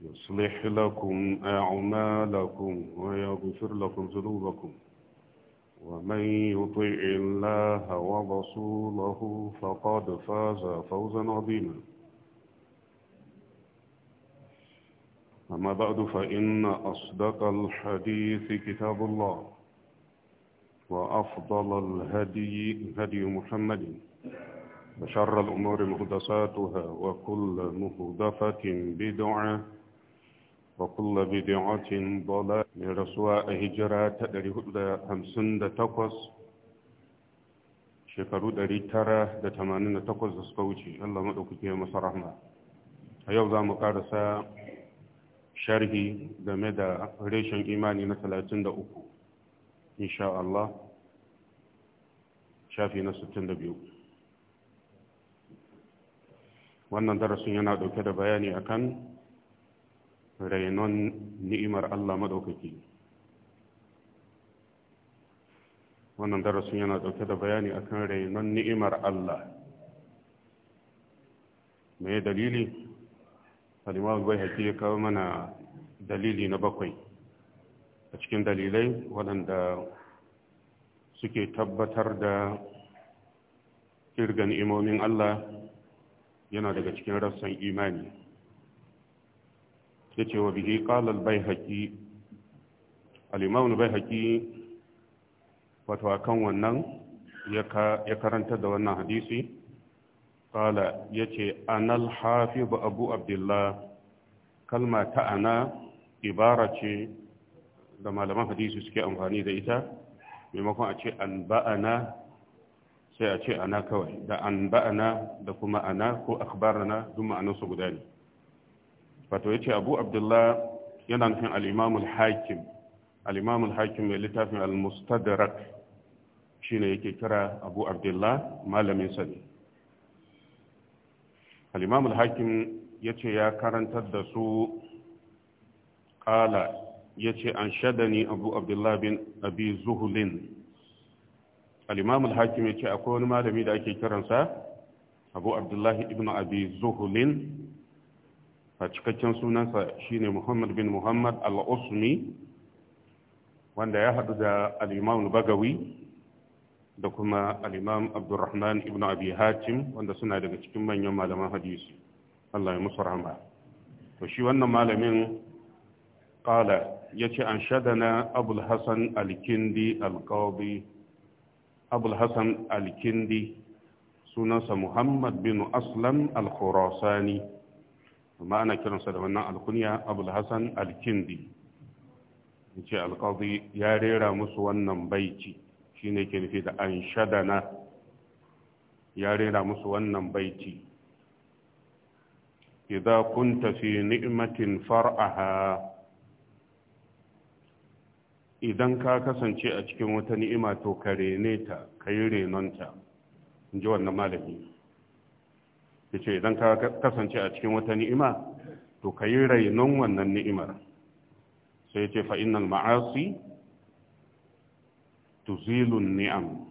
يصلح لكم أعمالكم ويغفر لكم ذنوبكم ومن يطع الله ورسوله فقد فاز فوزا عظيما أما بعد فإن أصدق الحديث كتاب الله وأفضل الهدي هدي محمد وشر الأمور مهدساتها وكل مهدفة بدعة وكل بدعة ضلال لرسوى هجرة تدري هدى خمسون دا تقص shekaru 988 da suka wuce Allah ya masa rahma a yau za mu sa sharhi game da reshen imani na 33 insha Allah shafi na 62 wannan darasin yana ɗauke da bayani akan rainon ni'imar Allah maɗaukaki wannan darasin yana ɗauke da bayani akan rainon ni'imar Allah me dalili alimawar bai haƙi ya kawo mana dalili na bakwai a cikin dalilai waɗanda suke tabbatar da kirgan imomin Allah yana daga cikin rassan imani yace wa bihi qala al-baihaqi al bai al-baihaqi wato kan wannan ya karanta da wannan hadisi qala yace anal hafiz abu abdullah kalma ta ana ibara ce da malaman hadisi suke amfani da ita maimakon a ce an ba'ana sai a ce ana kawai da an ba'ana da kuma ana ko akbarana duk ma'anarsu guda ne wato ce abu abdullah yana nufin al-imam al-hakim al-imam al-hakim mai littafin al-mustadrak shine yake kira abu abdullah malamin sa ne al-imam ya ce ya karantar da su ƙala ya ce an shaɗa ni abu abdullah bin abi Zuhulin. al-imam al-hakim akwai wani malami da ake kiransa abu abdullahi ibn abi Zuhulin. a cikakken sunansa shine muhammad bin muhammad al-usmi wanda ya haɗu da al-imam bagawi da kuma al-imam abdurrahman ibn abi hatim wanda suna daga cikin manyan malaman hadisi Allah ya musu rahama to shi wannan malamin qala yace an shadana abul hasan al-kindi al-qadi abul hasan al-kindi sunansa muhammad bin aslam al-khurasani amma ana kiransa da wannan alkunya abulhassan hasan alkindi ce alkazi ya rera musu wannan baiti ne ke nufi da an shadana ya rera musu wannan baiti idza kunta fi ni'matin far'aha idan ka kasance a cikin wata ni'ima to ka rene ta kai renonta in ji wannan malami ya ce idan ka kasance a cikin wata ni'ima to ka yi rainon wannan ni'imar sai ya ce fa'inan ma'asi tuzilun ni'am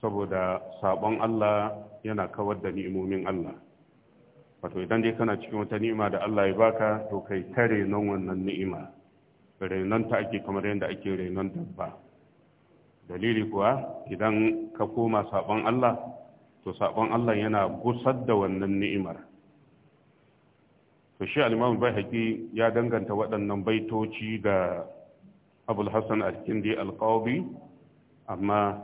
saboda sabon Allah yana kawar da ni'imomin Allah wato idan dai kana cikin wata ni'ima da Allah ya baka to kai ta nan wannan ni'ima ta ake kamar yadda ake renon dabba dalili kuwa idan ka koma sabon Allah to sabon Allah yana gusar da wannan ni'imar to shi al-Imam Baihaqi ya danganta waɗannan baitoci ga Abul Hassan al-Kindi al-Qawbi amma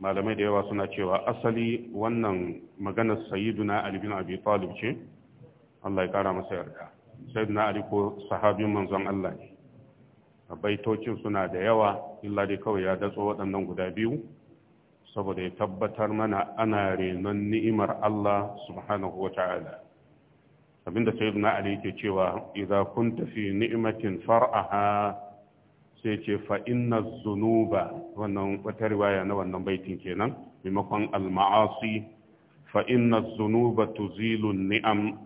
malamai da yawa suna cewa asali wannan maganar sayyiduna Ali bin Abi Talib ce Allah ya kara masa yarda sayyiduna Ali ko sahabin manzon Allah ne baitocin suna da yawa illa dai kawai ya datso waɗannan guda biyu saboda ya tabbatar mana ana renon ni'imar Allah subhanahu wa ta'ala abinda sayyidina ali ke cewa iza kun tafi ni'matin far'aha sai ce fa zunuba wannan wata riwaya na wannan baitin kenan maimakon al-ma'asi fa inna zunuba tuzilu ni'am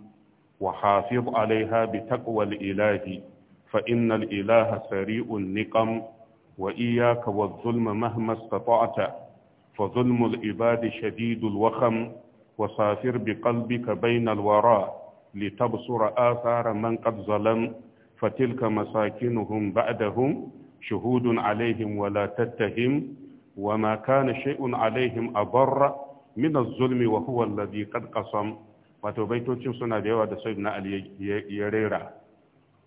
wa hafiz alaiha bi takwal ilahi fa inna al sari'un niqam wa iyyaka wadh-zulma ta istata'ta فظلم العباد شديد الوخم وسافر بقلبك بين الوراء لتبصر آثار من قد ظلم فتلك مساكنهم بعدهم شهود عليهم ولا تتهم وما كان شيء عليهم أبر من الظلم وهو الذي قد قسم وتبيتوتين سنة ديوة دي سيدنا علي يريرا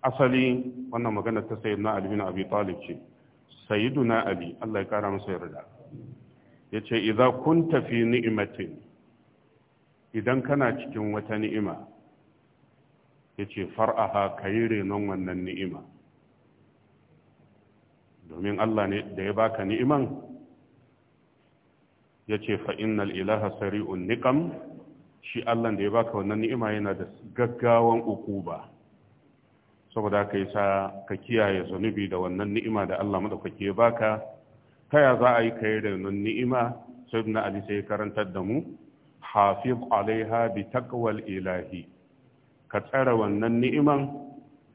أصلي وانا مغانا سيدنا علي بن أبي طالب سيدنا علي الله يكرم سيدنا ya ce iza kun tafi ni'imatin idan kana cikin wata ni'ima ya ce far'aha ka yi renon wannan ni'ima domin Allah ne da ya baka ni'iman ya ce fa'innal ilaha sari'un niƙam shi Allah da ya baka wannan ni'ima yana da gaggawan uku ba. saboda ka yi sa ka kiyaye zunubi da wannan ni'ima da Allah maɗaukaki ya baka ta ya za a yi kai raunin ni'ima sai na ali sai karantar da mu hafiz alaiha bi taqwal ilahi ka tsara wannan ni'iman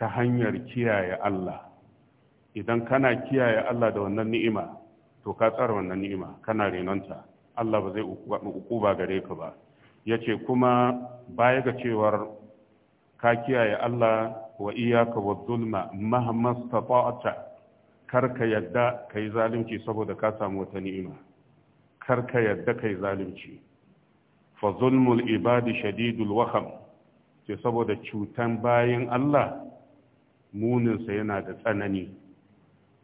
ta hanyar kiyaye Allah idan kana kiyaye Allah da wannan ni'ima to ka tsara wannan ni'ima kana renonta Allah ba zai ukuba gare ka ba yace kuma baya ga cewar ka kiyaye Allah wa iyyaka wadh-dhulma mahma istata'ta kar ka yadda ka yi zalunci saboda ka samu wata ni'ima kar ka yadda ka yi zalunci fa zulmul ibadi shadidul waham ce saboda cutan bayan Allah muninsa yana da tsanani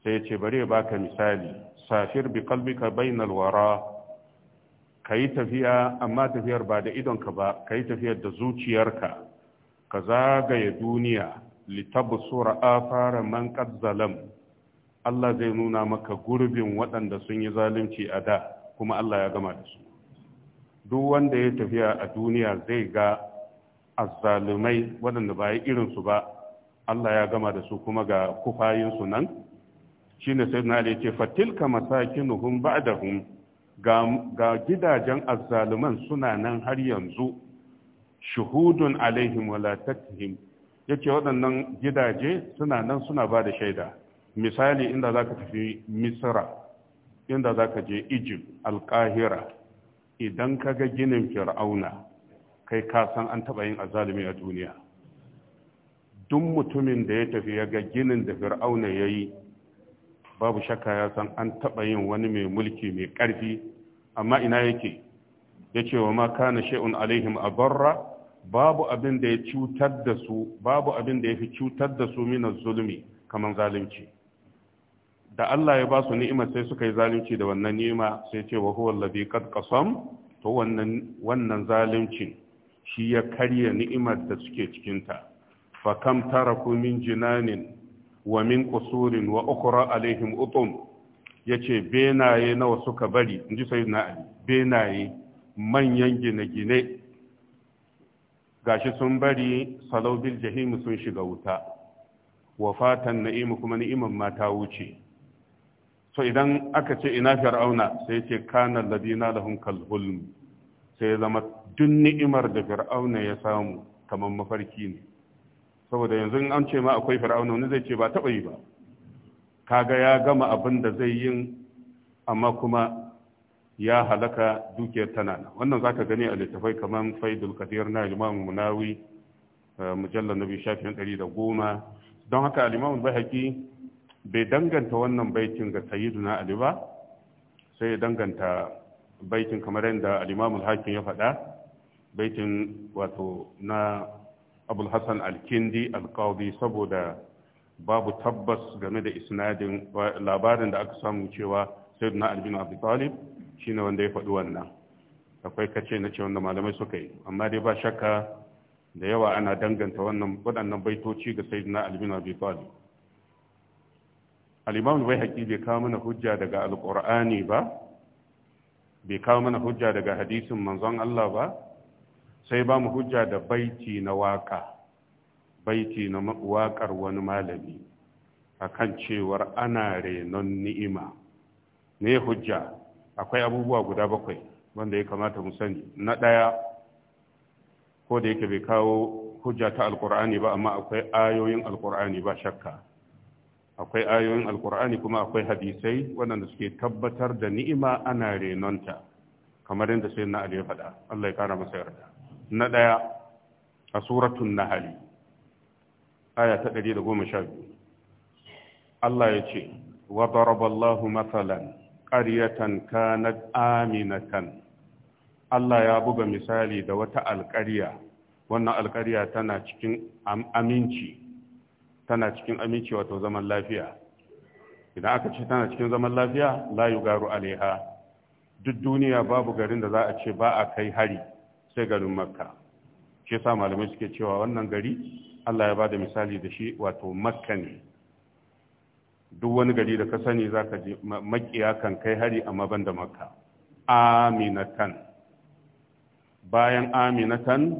sai ya ce bari baka misali safir bi qalbika bainal wara yi tafiya amma tafiyar ba da idonka ba Ka yi tafiyar da zuciyarka ka zagaye duniya litabsura afara man qad Allah zai nuna maka gurbin waɗanda sun yi zalunci a da kuma Allah ya gama da su duk wanda ya tafiya a duniya zai ga azzalumai waɗanda ba yi irinsu ba Allah ya gama da su kuma ga kufayinsu nan shi ne sai na ce fatilka ba da hun ga gidajen azzaluman suna nan har yanzu shuhudun alaihim wala Ya yace waɗannan gidaje suna nan suna ba da shaida misali inda za ka tafi misra inda za ka je egypt alkahira idan ka ga ginin fir'auna kai ka san an taɓa yin azalumi a duniya duk mutumin da ya tafi ya ga ginin da fir'auna ya yi babu shakka ya san an taɓa yin wani mai mulki mai ƙarfi amma ina yake ya ce wa ma na sha'un alaihim a barra babu abin da ya cutar da su babu abin da ya fi cutar da su minan zulmi kamar zalunci da Allah ya ba su ni'imar sai suka yi zalunci da wannan ni'ima sai ce wa huwa alladhi qad qasam to wannan wannan zalunci shi ya karya ni'imar da suke cikin ta fa kam taraku min jinanin wa min qusurin wa ukhra alaihim utum yace benaye nawa suka bari inji sayyidina ali benaye manyan gine-gine gashi sun bari salaubil jahim sun shiga wuta wa fatan na'imu kuma ni'imar ma ta wuce to idan aka ce ina fir'auna sai ce kana ladina lahum kal hulm sai ya zama duk ni'imar da fir'auna ya samu kamar mafarki ne saboda yanzu an ce ma akwai fir'auna wani zai ce ba taba yi ba kaga ya gama abin da zai yi amma kuma ya halaka dukiyar tana nan wannan zaka gani a littafai kamar faidul kadir na imam munawi eh, mujallar nabi shafin ɗari da goma don haka al-imam bahaki bai danganta wannan baitin ga sayyiduna ali ba sai ya danganta baitin kamar yadda al-imamul hakim ya faɗa baitin wato na abul hassan al-kindi al-qadi saboda babu tabbas game da isnadin labarin da aka samu cewa sayyiduna ali bin abi talib shine wanda ya faɗi wannan akwai kace na ce wanda malamai suka yi amma dai ba shakka da yawa ana danganta wannan waɗannan baitoci ga sayyiduna ali bin abi talib al bai haƙi bai kawo mana hujja daga alƙur'ani ba bai kawo mana hujja daga hadisin manzon Allah ba sai ba mu hujja da baiti na waƙa baiti na waƙar wani malami A kan cewar ana renon ni'ima ne hujja akwai abubuwa guda bakwai wanda ya kamata mu sani na ɗaya ko da yake bai kawo hujja ta alkur'ani ba amma akwai ayoyin Alƙur'ani ba shakka akwai ayoyin alkur'ani kuma akwai hadisai waɗanda suke tabbatar da ni'ima ana renonta kamar yadda sai na ya faɗa Allah ya kara masa yarda na ɗaya a suratun nahali aya ta biyu. Allah ya ce wa daraballahu mathalan qaryatan kanat aminatan Allah ya buga misali da wata alƙarya wannan alƙarya tana cikin aminci tana cikin aminci wato zaman lafiya idan aka ce tana cikin zaman lafiya Layu, Garu, alaiha duk duniya babu garin da za a ce ba a kai hari sai garin makka shi yasa malamai suke cewa wannan gari Allah ya ba da misali da shi wato makka ne duk wani gari da ka sani za ka je makiya kan kai hari amma ban da makka aminatan bayan aminatan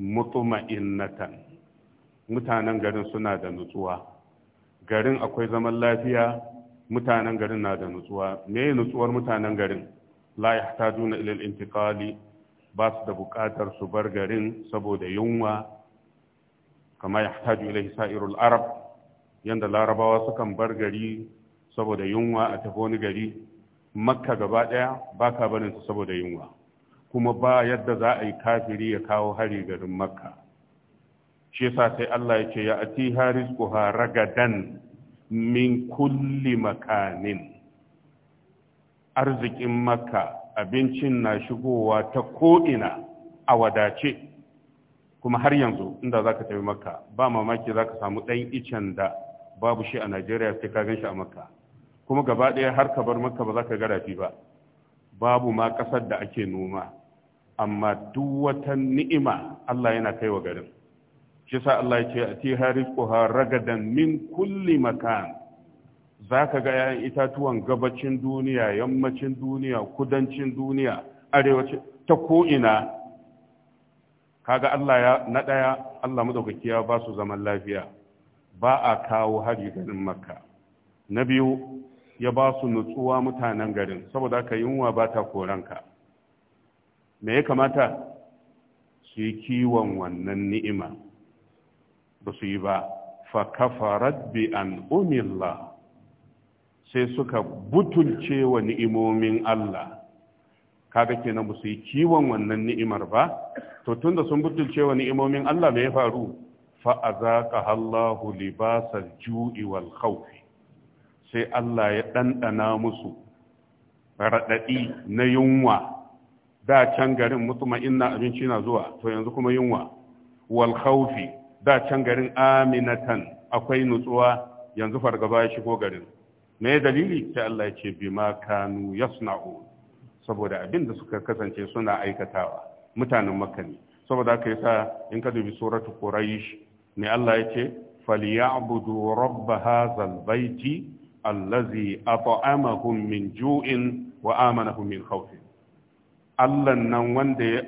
mutuma'innatan mutanen garin suna da nutsuwa garin akwai zaman lafiya mutanen garin na da nutsuwa me nutsuwar mutanen garin la yahtajuna ila al ba su da bukatar su bar garin saboda yunwa kama yahtaju ila sa'irul arab yanda larabawa sukan bar gari saboda yunwa a tafi wani gari makka gaba daya baka barin su saboda yunwa kuma ba yadda za a yi kafiri ya kawo hari garin makka shi yasa sai Allah yake ya ati harizquha ragadan min kulli makanin arzikin makka abincin na shigowa ta ko'ina a wadace kuma har yanzu inda za ka tafi makka ba mamaki za ka samu ɗan icen da babu shi a najeriya sai ka gan shi a makka kuma gaba ɗaya har ka bar makka ba za ka rafi ba babu ma ƙasar da ake noma amma duk wata ni'ima allah yana kai wa garin shi Allah ya ce a ti harizquha ragadan min kulli makan zaka ga yayin itatuwan gabacin duniya yammacin duniya kudancin duniya Arewacin ta ko ina kaga Allah ya na daya Allah madaukaki ya ba su zaman lafiya ba a kawo hari garin makka na biyu ya ba su nutsuwa mutanen garin saboda ka yunwa ba ta koranka me ya kamata su yi kiwon wannan ni'ima ba su yi ba fa kafarat bi an umilla sai suka butulce wa ni'imomin Allah kaga kenan ba su yi kiwon wannan ni'imar ba to tunda sun butulce wa ni'imomin Allah me ya faru fa azaka Allahu libasal ju'i wal khawfi sai Allah ya dandana musu raɗaɗi na yunwa da can garin mutuma inna abinci na zuwa to yanzu kuma yunwa wal khawfi da can garin aminatan akwai nutsuwa yanzu fargaba ya shigo garin me dalili Ta Allah ya ce bima kanu yasna'u saboda abin da suka kasance suna aikatawa mutanen makka ne saboda haka sa in ka dubi suratu quraish me Allah ya ce falyabudu rabb hadzal baiti allazi at'amahum min ju'in wa amanahum min khawf Allah nan wanda ya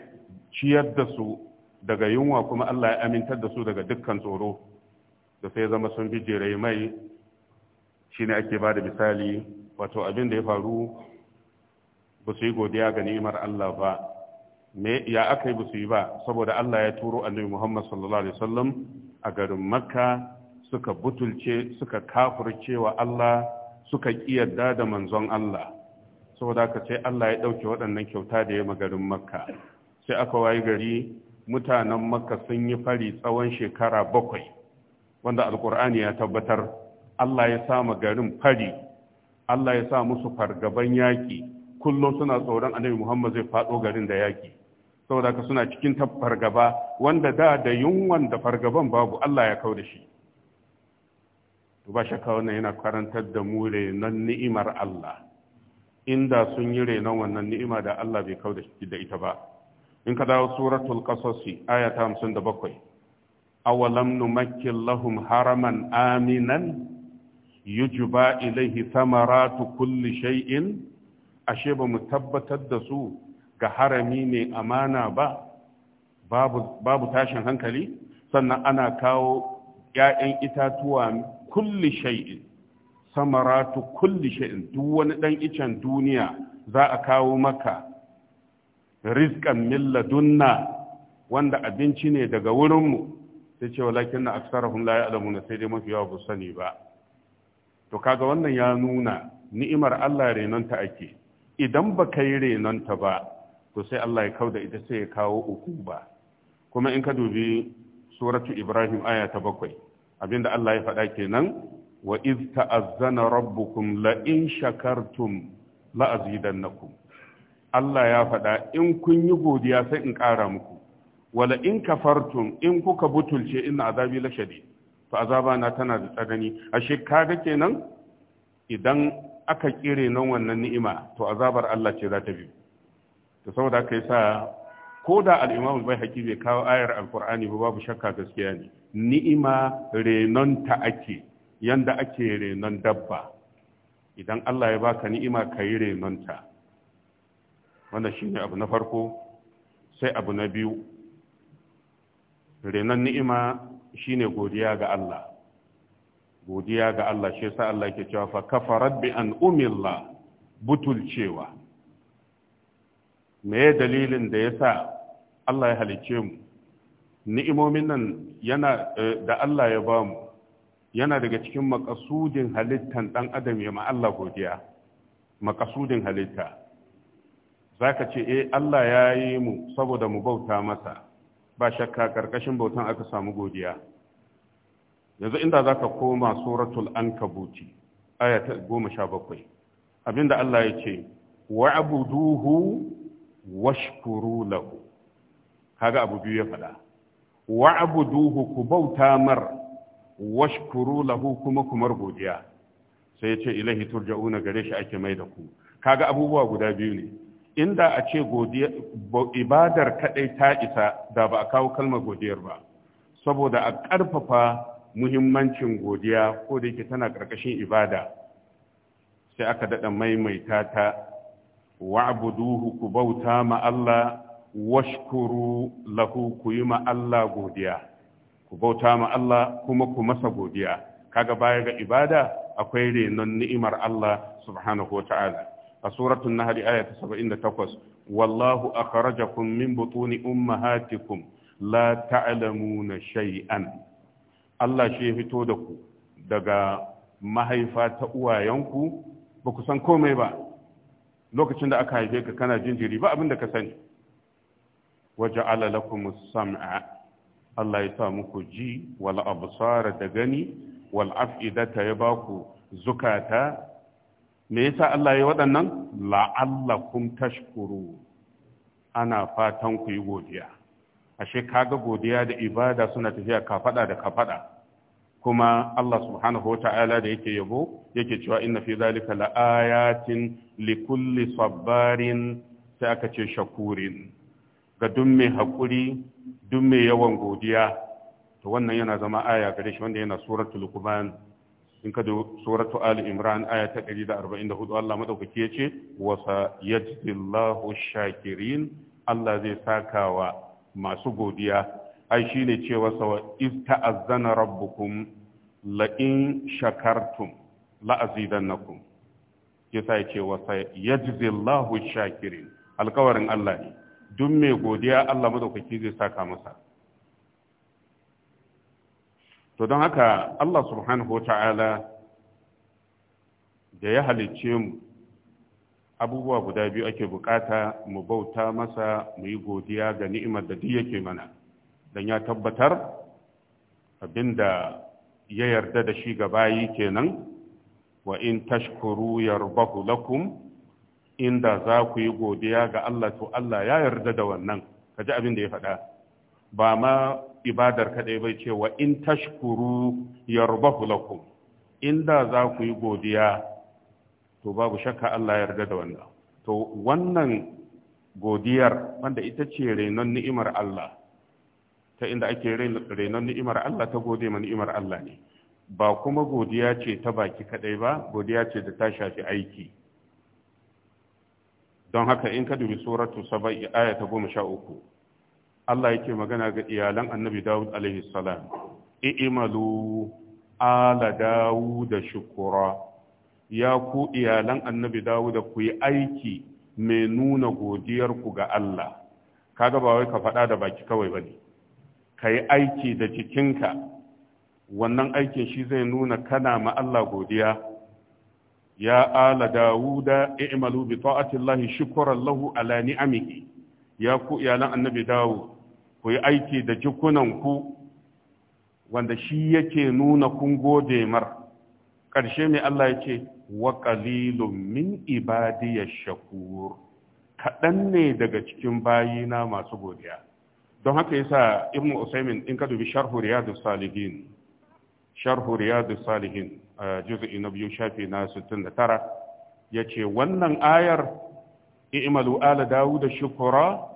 ciyar da su daga yunwa kuma Allah ya amintar da su daga dukkan tsoro da sai zama sun bi bijire mai shine ake ba da misali wato abin da ya faru ba su yi godiya ga ni'imar Allah ba me ya aka yi ba su yi ba saboda Allah ya turo annabi Muhammad sallallahu alaihi wasallam a garin Makka suka butulce suka kafircewa Allah suka kiyarda da manzon Allah saboda haka sai Allah ya dauke waɗannan kyauta da ya garin Makka sai aka wayi gari mutanen maka sun yi fari tsawon shekara bakwai wanda alkur'ani ya tabbatar allah ya sa garin fari allah ya sa musu fargaban yaƙi kullum suna tsoron annabi muhammad zai faɗo garin da yaƙi saboda ka suna cikin fargaba wanda da da yunwan da fargaban babu allah ya kau da shi ba shakka wannan yana karantar da mu renon ni'imar allah inda sun yi renon wannan ni'ima da allah bai kau da ita ba in ka dawo suratul qasasi aya ta 57 awalam numakkil lahum haraman aminan yujba ilayhi thamaratu kulli shay'in ashe ba mu tabbatar da su ga harami ne amana ba babu babu tashin hankali sannan ana kawo ‘ya'yan itatuwa kulli shay'in samaratu kulli shay'in duk wani ɗan icen duniya za a kawo maka rizqan min ladunna wanda abinci ne daga wurinmu sai ce walakin na aksarahum la ya'lamuna sai dai mafi yawa ba sani ba to kaga wannan ya nuna ni'imar Allah renonta ake idan ba ka yi renonta ba to sai Allah ya kauda ita sai ya kawo uku ba. kuma in ka dubi suratu Ibrahim aya ta bakwai abinda Allah ya faɗa kenan wa iz ta'azzana rabbukum la in shakartum la azidannakum Allah ya faɗa in kun yi godiya sai in ƙara muku wala in kafartum in kuka butulce in azabi la to azaba na tana da tsanani ashe kaga kenan idan aka kire nan wannan ni'ima to azabar Allah ce za ta bi to saboda haka sa, ko da al’imam bai haƙi bai kawo ayar al ba babu shakka gaskiya ne ni'ima renon ta ake yanda ake renon dabba idan Allah ya baka ni'ima yi renon ta wanda ne abu na farko sai abu na biyu Renan ni'ima shi ne godiya ga Allah godiya ga Allah shi sa Allah ke cewa fa kafarat bi an umilla butulcewa me dalilin da yasa Allah ya halicce mu ni'imomin nan yana eh, da Allah ya ba mu yana daga cikin makasudin halittan dan adam ya ma Allah godiya makasudin halitta za ka ce e Allah ya yi mu saboda mu bauta masa ba shakka ƙarƙashin bautan aka samu godiya yanzu inda za ka koma suratul an aya ta goma sha bakwai abinda Allah ya ce wa'abuduhu washkuru lahu kaga abu biyu ya faɗa wa'abuduhu ku bauta mar washkuru lahu kuma kumar godiya sai ya ce ilahi turja'una gare shi ake mai da ku kaga abubuwa guda biyu ne inda a ce ibadar kaɗai ta isa da ba a kawo kalmar godiyar ba saboda a ƙarfafa muhimmancin godiya ko da yake tana ƙarƙashin ibada sai aka daɗa maimaita ta wa'buduhu ku bauta ma Allah washkuru lahu ku yi ma Allah godiya ku bauta ma Allah kuma ku masa godiya kaga baya ga ibada akwai renon ni'imar Allah subhanahu wa ta'ala a suratun nahl aya ta 78 wallahu akhrajakum min butuni ummahatikum la ta'lamuna shay'an Allah shi ya fito da ku daga mahaifa ta uwayenku ba ku san komai ba lokacin da aka haife ka kana jinjiri ba abin da ka sani waje lakum sam'a Allah ya sa muku ji wal absara da gani wal af'idata ya baku zukata me yasa Allah ya waɗannan la'allakum tashkuru ana fatan ku yi godiya ashe kaga godiya da ibada suna tafiya ka faɗa da ka faɗa? kuma Allah subhanahu wata'ala da yake yabo yake cewa inna fi zalika la'ayatin likulli sabarin sai aka ce shakurin ga duk mai hakuri duk mai yawan godiya to wannan yana zama aya gare shi wanda yana suratul lukman. in ka suratu ali imran aya ta 144 Allah madaukaki yace wa sayajzillahu shakirin Allah zai sakawa masu godiya ai shine cewa sawa iz ta'azzana rabbukum la in shakartum la azidannakum yasa yace wa sayajzillahu shakirin alkawarin Allah ne duk mai godiya Allah madaukaki zai saka masa to don haka Allah subhanahu wa ta'ala da ya halicce mu abubuwa guda biyu ake bukata mu bauta masa mu yi godiya ga ni'imar da duk yake mana don ya tabbatar abinda ya yarda da shi ga yi kenan wa in tashkuru yarbahu lakum inda za ku yi godiya ga Allah to Allah ya yarda da wannan kaji abin da ya faɗa ba ma ibadar kaɗai bai ce wa in tashkuru yarbahu lakum inda za ku yi godiya to babu shakka Allah ya yarda da wannan to wannan godiyar wanda ita ce renon ni'imar Allah ta inda ake renon ni'imar Allah ta gode ma ni'imar Allah ne ba kuma godiya ce ta baki kaɗai ba godiya ce da ta shafi aiki don haka in ka dubi suratu saba'i aya ta goma sha uku Allah yake magana ga iyalan annabi Dawud alaihi salam i'malu ala Dawud shukura ya ku iyalan annabi Dawud ku yi aiki mai nuna godiyar ku ga Allah kaga ba wai ka faɗa da baki kawai bane ka yi aiki da jikinka wannan aikin shi zai nuna kana ma Allah godiya ya ala Dawuda i'malu bi ta'ati Allah shukran lahu ala ni'amihi ya ku iyalan annabi dawo ku yi aiki da jikunanku wanda shi yake nuna kun gode mar ƙarshe mai Allah ya ce wa qalilun min ibadiya shakur kaɗan ne daga cikin bayina masu godiya don haka yasa ibnu usaimin in ka dubi sharhu riyadus salihin sharhu riyadus salihin juz'i na biyu shafi na 69 yace wannan ayar i'malu ala dawuda shukura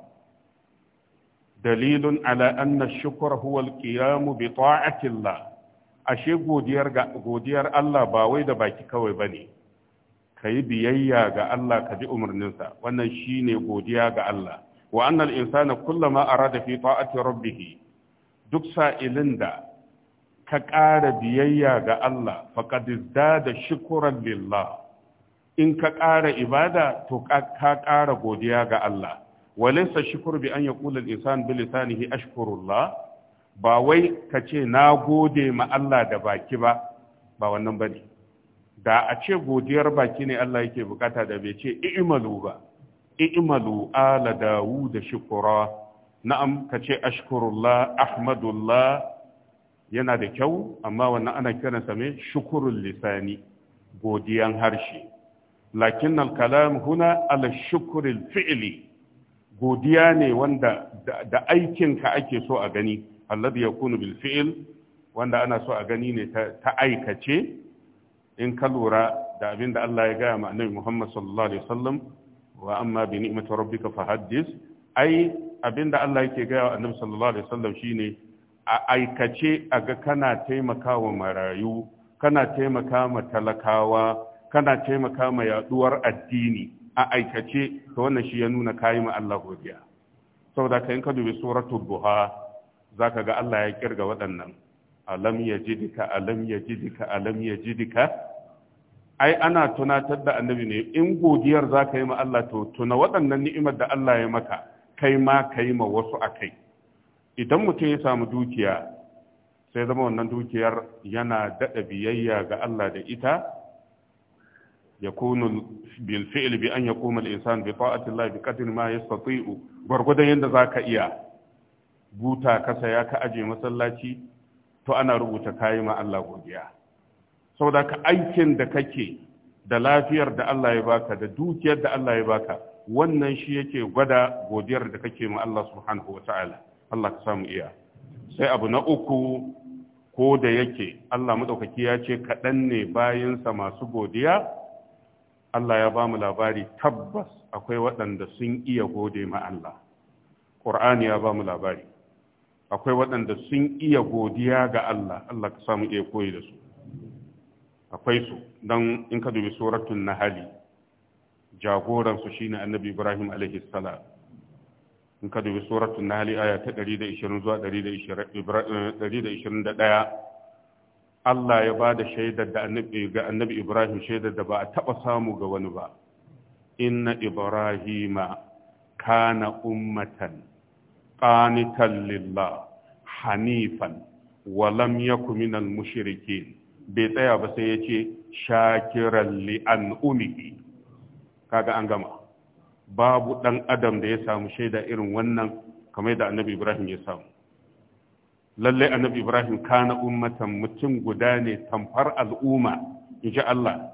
dalilun ala anna shukr huwa al-qiyam bi ta'ati Allah ashe godiyar Allah ba wai da baki kawai ba bane kai biyayya ga Allah ka ji umarninsa wannan shine godiya ga Allah wa annal insana kullama arada fi ta'ati rabbih duk sa'ilinda ka ƙara biyayya ga Allah faqad da shukran lillah in ka ƙara ibada to ka ƙara godiya ga Allah walisa shukru bi an ya kula insan bi lisanihi ashkurullah ba wai ka ce na gode ma Allah da baki ba ba wannan bane da a ce godiyar baki ne Allah yake bukata da bai ce i'malu ba i'malu ala dawud shukura na'am ka ce ashkurullah ahmadullah yana da kyau amma wannan ana kiransa me shukurul lisani godiyan harshe lakin kalam huna ala shukurul fi'li godiya ne wanda da aikinka ake so a gani alladhi yakunu bil fi'l wanda ana so a gani ne ta aikace in ka lura da abin da Allah ya gaya ma annabi Muhammad sallallahu alaihi wasallam wa amma bi ni'mati rabbika fahaddis ai abin da Allah yake gaya wa annabi sallallahu alaihi wasallam shine a aikace a ga kana taimakawa marayu kana taimaka ma talakawa kana taimaka ma yaduwar addini a aikace to wannan shi ya nuna kayi ma Allah godiya saboda ka in ka dubi suratul duha zaka ga Allah ya kirga waɗannan alam yajidika alam yajidika alam yajidika ai ana tunatar da annabi ne in godiyar zaka yi ma Allah to tuna waɗannan ni'imar da Allah ya maka kai ma kai ma wasu akai idan mutum ya samu dukiya sai zama wannan dukiyar yana daɗa biyayya ga Allah da ita yakunu bil fi'li bi an yaquma al insan bi ta'ati Allah bi qadri ma yastati'u gurgudan yanda zaka iya buta ka saya ka aje masallaci to ana rubuta kayi ma Allah godiya saboda ka aikin da kake da lafiyar da Allah ya baka da dukiyar da Allah ya baka wannan shi yake gwada godiyar da kake ma Allah subhanahu ta'ala. Allah ka samu iya sai abu na uku ko da yake Allah madaukaki ya ce kaɗan ne bayansa masu godiya Allah ya ba mu labari tabbas akwai waɗanda sun iya gode ma Allah ƙur'ani ya ba mu labari akwai waɗanda sun iya godiya ga Allah Allah ka samu iya koyi da su akwai su don in ka dubi suratun hali, jagoransu shine annabi ibrahim alaihi in ka dubi suratun hali, aya ta 120 zuwa 121 Allah ya ba da shaidar da ga annabi Ibrahim shaidar da ba a taɓa samu ga wani ba. Inna Ibrahima kana ummatan qanitan lillah hanifan walam lam yakun minal mushrikin bai tsaya ba sai ya ce shakiran li an umihi kaga an gama babu dan adam da ya samu shaida irin wannan kamar da annabi Ibrahim ya samu lallai annabi ibrahim kana ummatan mutum guda ne tamfar al'umma inji Allah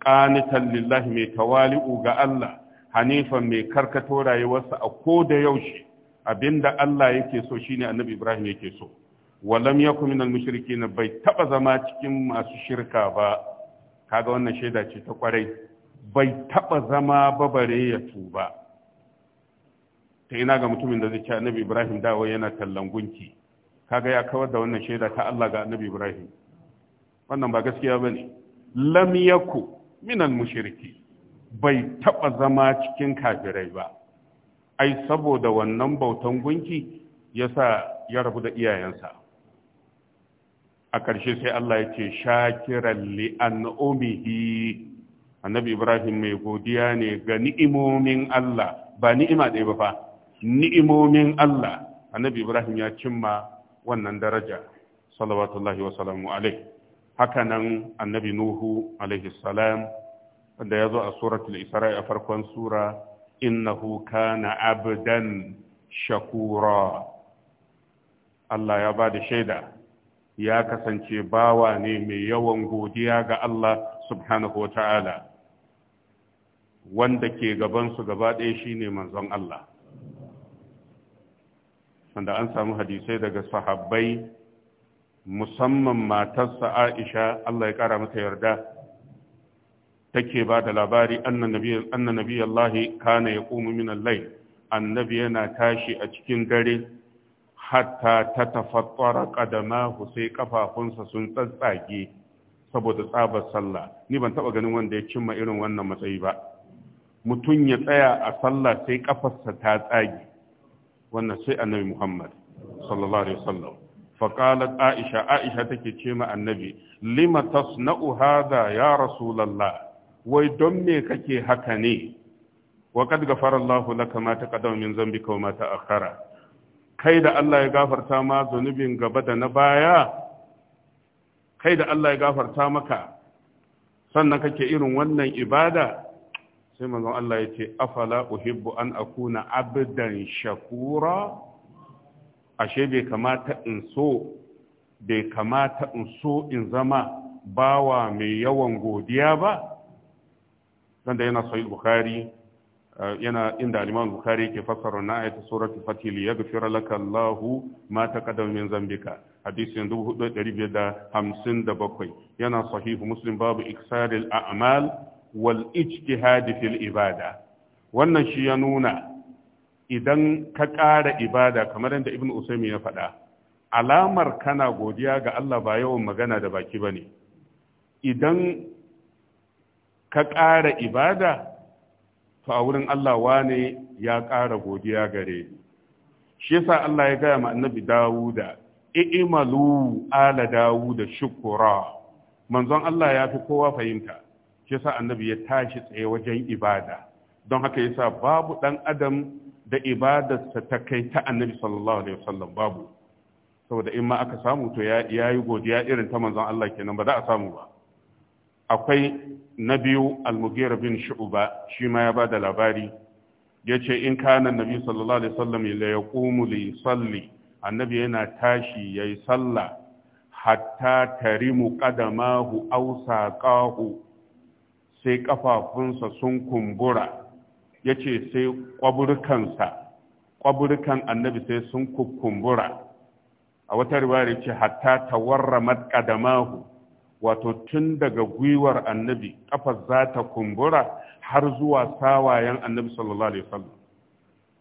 qanitan lillahi mai tawali'u ga Allah hanifan mai karkato rayuwarsa a ko da yaushe abinda Allah yake so shine annabi ibrahim yake so walam yakun mushirki mushrikin bai taba zama cikin masu shirka ba kaga wannan shaida ce ta kwarai bai taba zama babare ya tuba ta ina ga mutumin da zai ce annabi ibrahim dawo yana tallan gunki kaga ya kawar da wannan shaida ta Allah ga annabi Ibrahim wannan ba gaskiya bane lam yaku minal mushriki bai taba zama cikin kafirai ba ai saboda wannan bautan gunki yasa ya rabu da iyayensa a ƙarshe sai Allah ya ce shakiran li an'umihi annabi Ibrahim mai godiya ne ga ni'imomin Allah ba ni'ima ɗaya ba fa ni'imomin Allah annabi Ibrahim ya cimma wannan daraja salawatullahi wa salamu alaihi haka nan annabi nuhu alaihi salam wanda ya zo a suratul isra'i a farkon sura innahu kana abdan shakura Allah ya ba da shaida ya kasance bawa ne mai yawan godiya ga Allah subhanahu wa ta'ala wanda ke gabansu gaba ɗaya shine manzon Allah wanda an samu hadisai daga sahabbai musamman matarsa Aisha Allah ya kara mata yarda take ba da labari annan nabi Allah kana ya ƙumu min allai annabi yana tashi a cikin dare hatta ta tafattara ƙadamahu sai ƙafafunsa sun tsatsage saboda tsabar sallah ni ban taɓa ganin wanda ya cimma irin wannan matsayi ba mutum ya tsaya a sallah sai ƙafarsa ta tsage wannan sai annabi Muhammad sallallahu alaihi wasallam faqalat Aisha Aisha take ce ma annabi lima tasna'u hadha ya rasulullah wai don me kake haka ne wa qad ghafara Allahu laka ma taqaddama min dhanbika wa ma ta'akhkhara kai da Allah ya gafarta ma zunubin gaba da na baya kai da Allah ya gafarta maka sannan kake irin wannan ibada sai manzon Allah ya ce afala uhibbu an akuna abdan shakura ashe bai kamata in so bai kamata in so in zama bawa mai yawan godiya ba sanda yana sahih bukhari eh, yana inda al-imam bukhari ke fassara na ayatu surati fatil yaghfir laka Allahu ma taqaddama min zambika hadisin 4557 yana sahihu muslim babu iksaril a'mal wal ijtihadi fil ibada wannan shi ya nuna idan ka ƙara ibada kamar yadda ibn usaimi ya faɗa alamar kana godiya ga Allah ba yawan magana da baki bane idan ka ƙara ibada to a wurin Allah wane ya ƙara godiya gare Shi shi yasa Allah ya gaya ma annabi Dawuda i'malu ala Dawuda shukura manzon Allah ya fi kowa fahimta yasa annabi ya tashi tsaye wajen ibada don haka yasa babu dan adam da ibadarsa ta kai ta annabi sallallahu alaihi wasallam babu saboda in ma aka samu to ya yi godiya irin ta manzon Allah kenan ba za a samu ba akwai nabiyu al-mughira bin shu'ba shi ma ya bada labari yace in kana annabi sallallahu alaihi wasallam la yaqumu li yusalli annabi yana tashi yayi sallah hatta tarimu qadamahu aw saqahu sai kafafunsa sun kumbura ya ce sai ƙwaburkansa ƙwaburkan annabi sai sun kumbura a wata ribari ce hatta ta da mahu wato tun daga gwiwar annabi kafa za ta kumbura har zuwa sawayen annabi sallallahu alaihi wasallam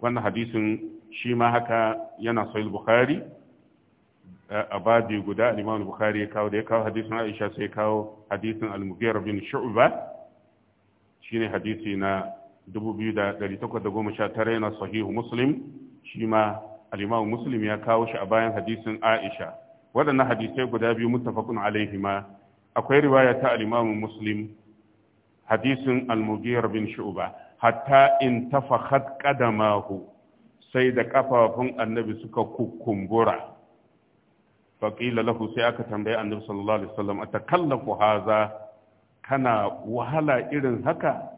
wannan hadisin shi ma haka yana sahih bukhari eh, a badi guda al-imam bukhari ya kawo da ya kawo hadisin aisha sai ya kawo hadisin al-mughira bin shu'ba shine hadisi na 2819 yana sahihu muslim shi ma al muslim ya kawo shi a bayan hadisin aisha waɗannan hadisai guda biyu muttafaqun alaihi ma akwai riwaya ta al-imam muslim hadisin al bin Shu'uba. hatta in tafahat qadamahu sai da kafafun annabi suka kukkumbura faqila lahu sai aka tambaye annabi sallallahu alaihi wasallam atakallafu haza kana wahala irin haka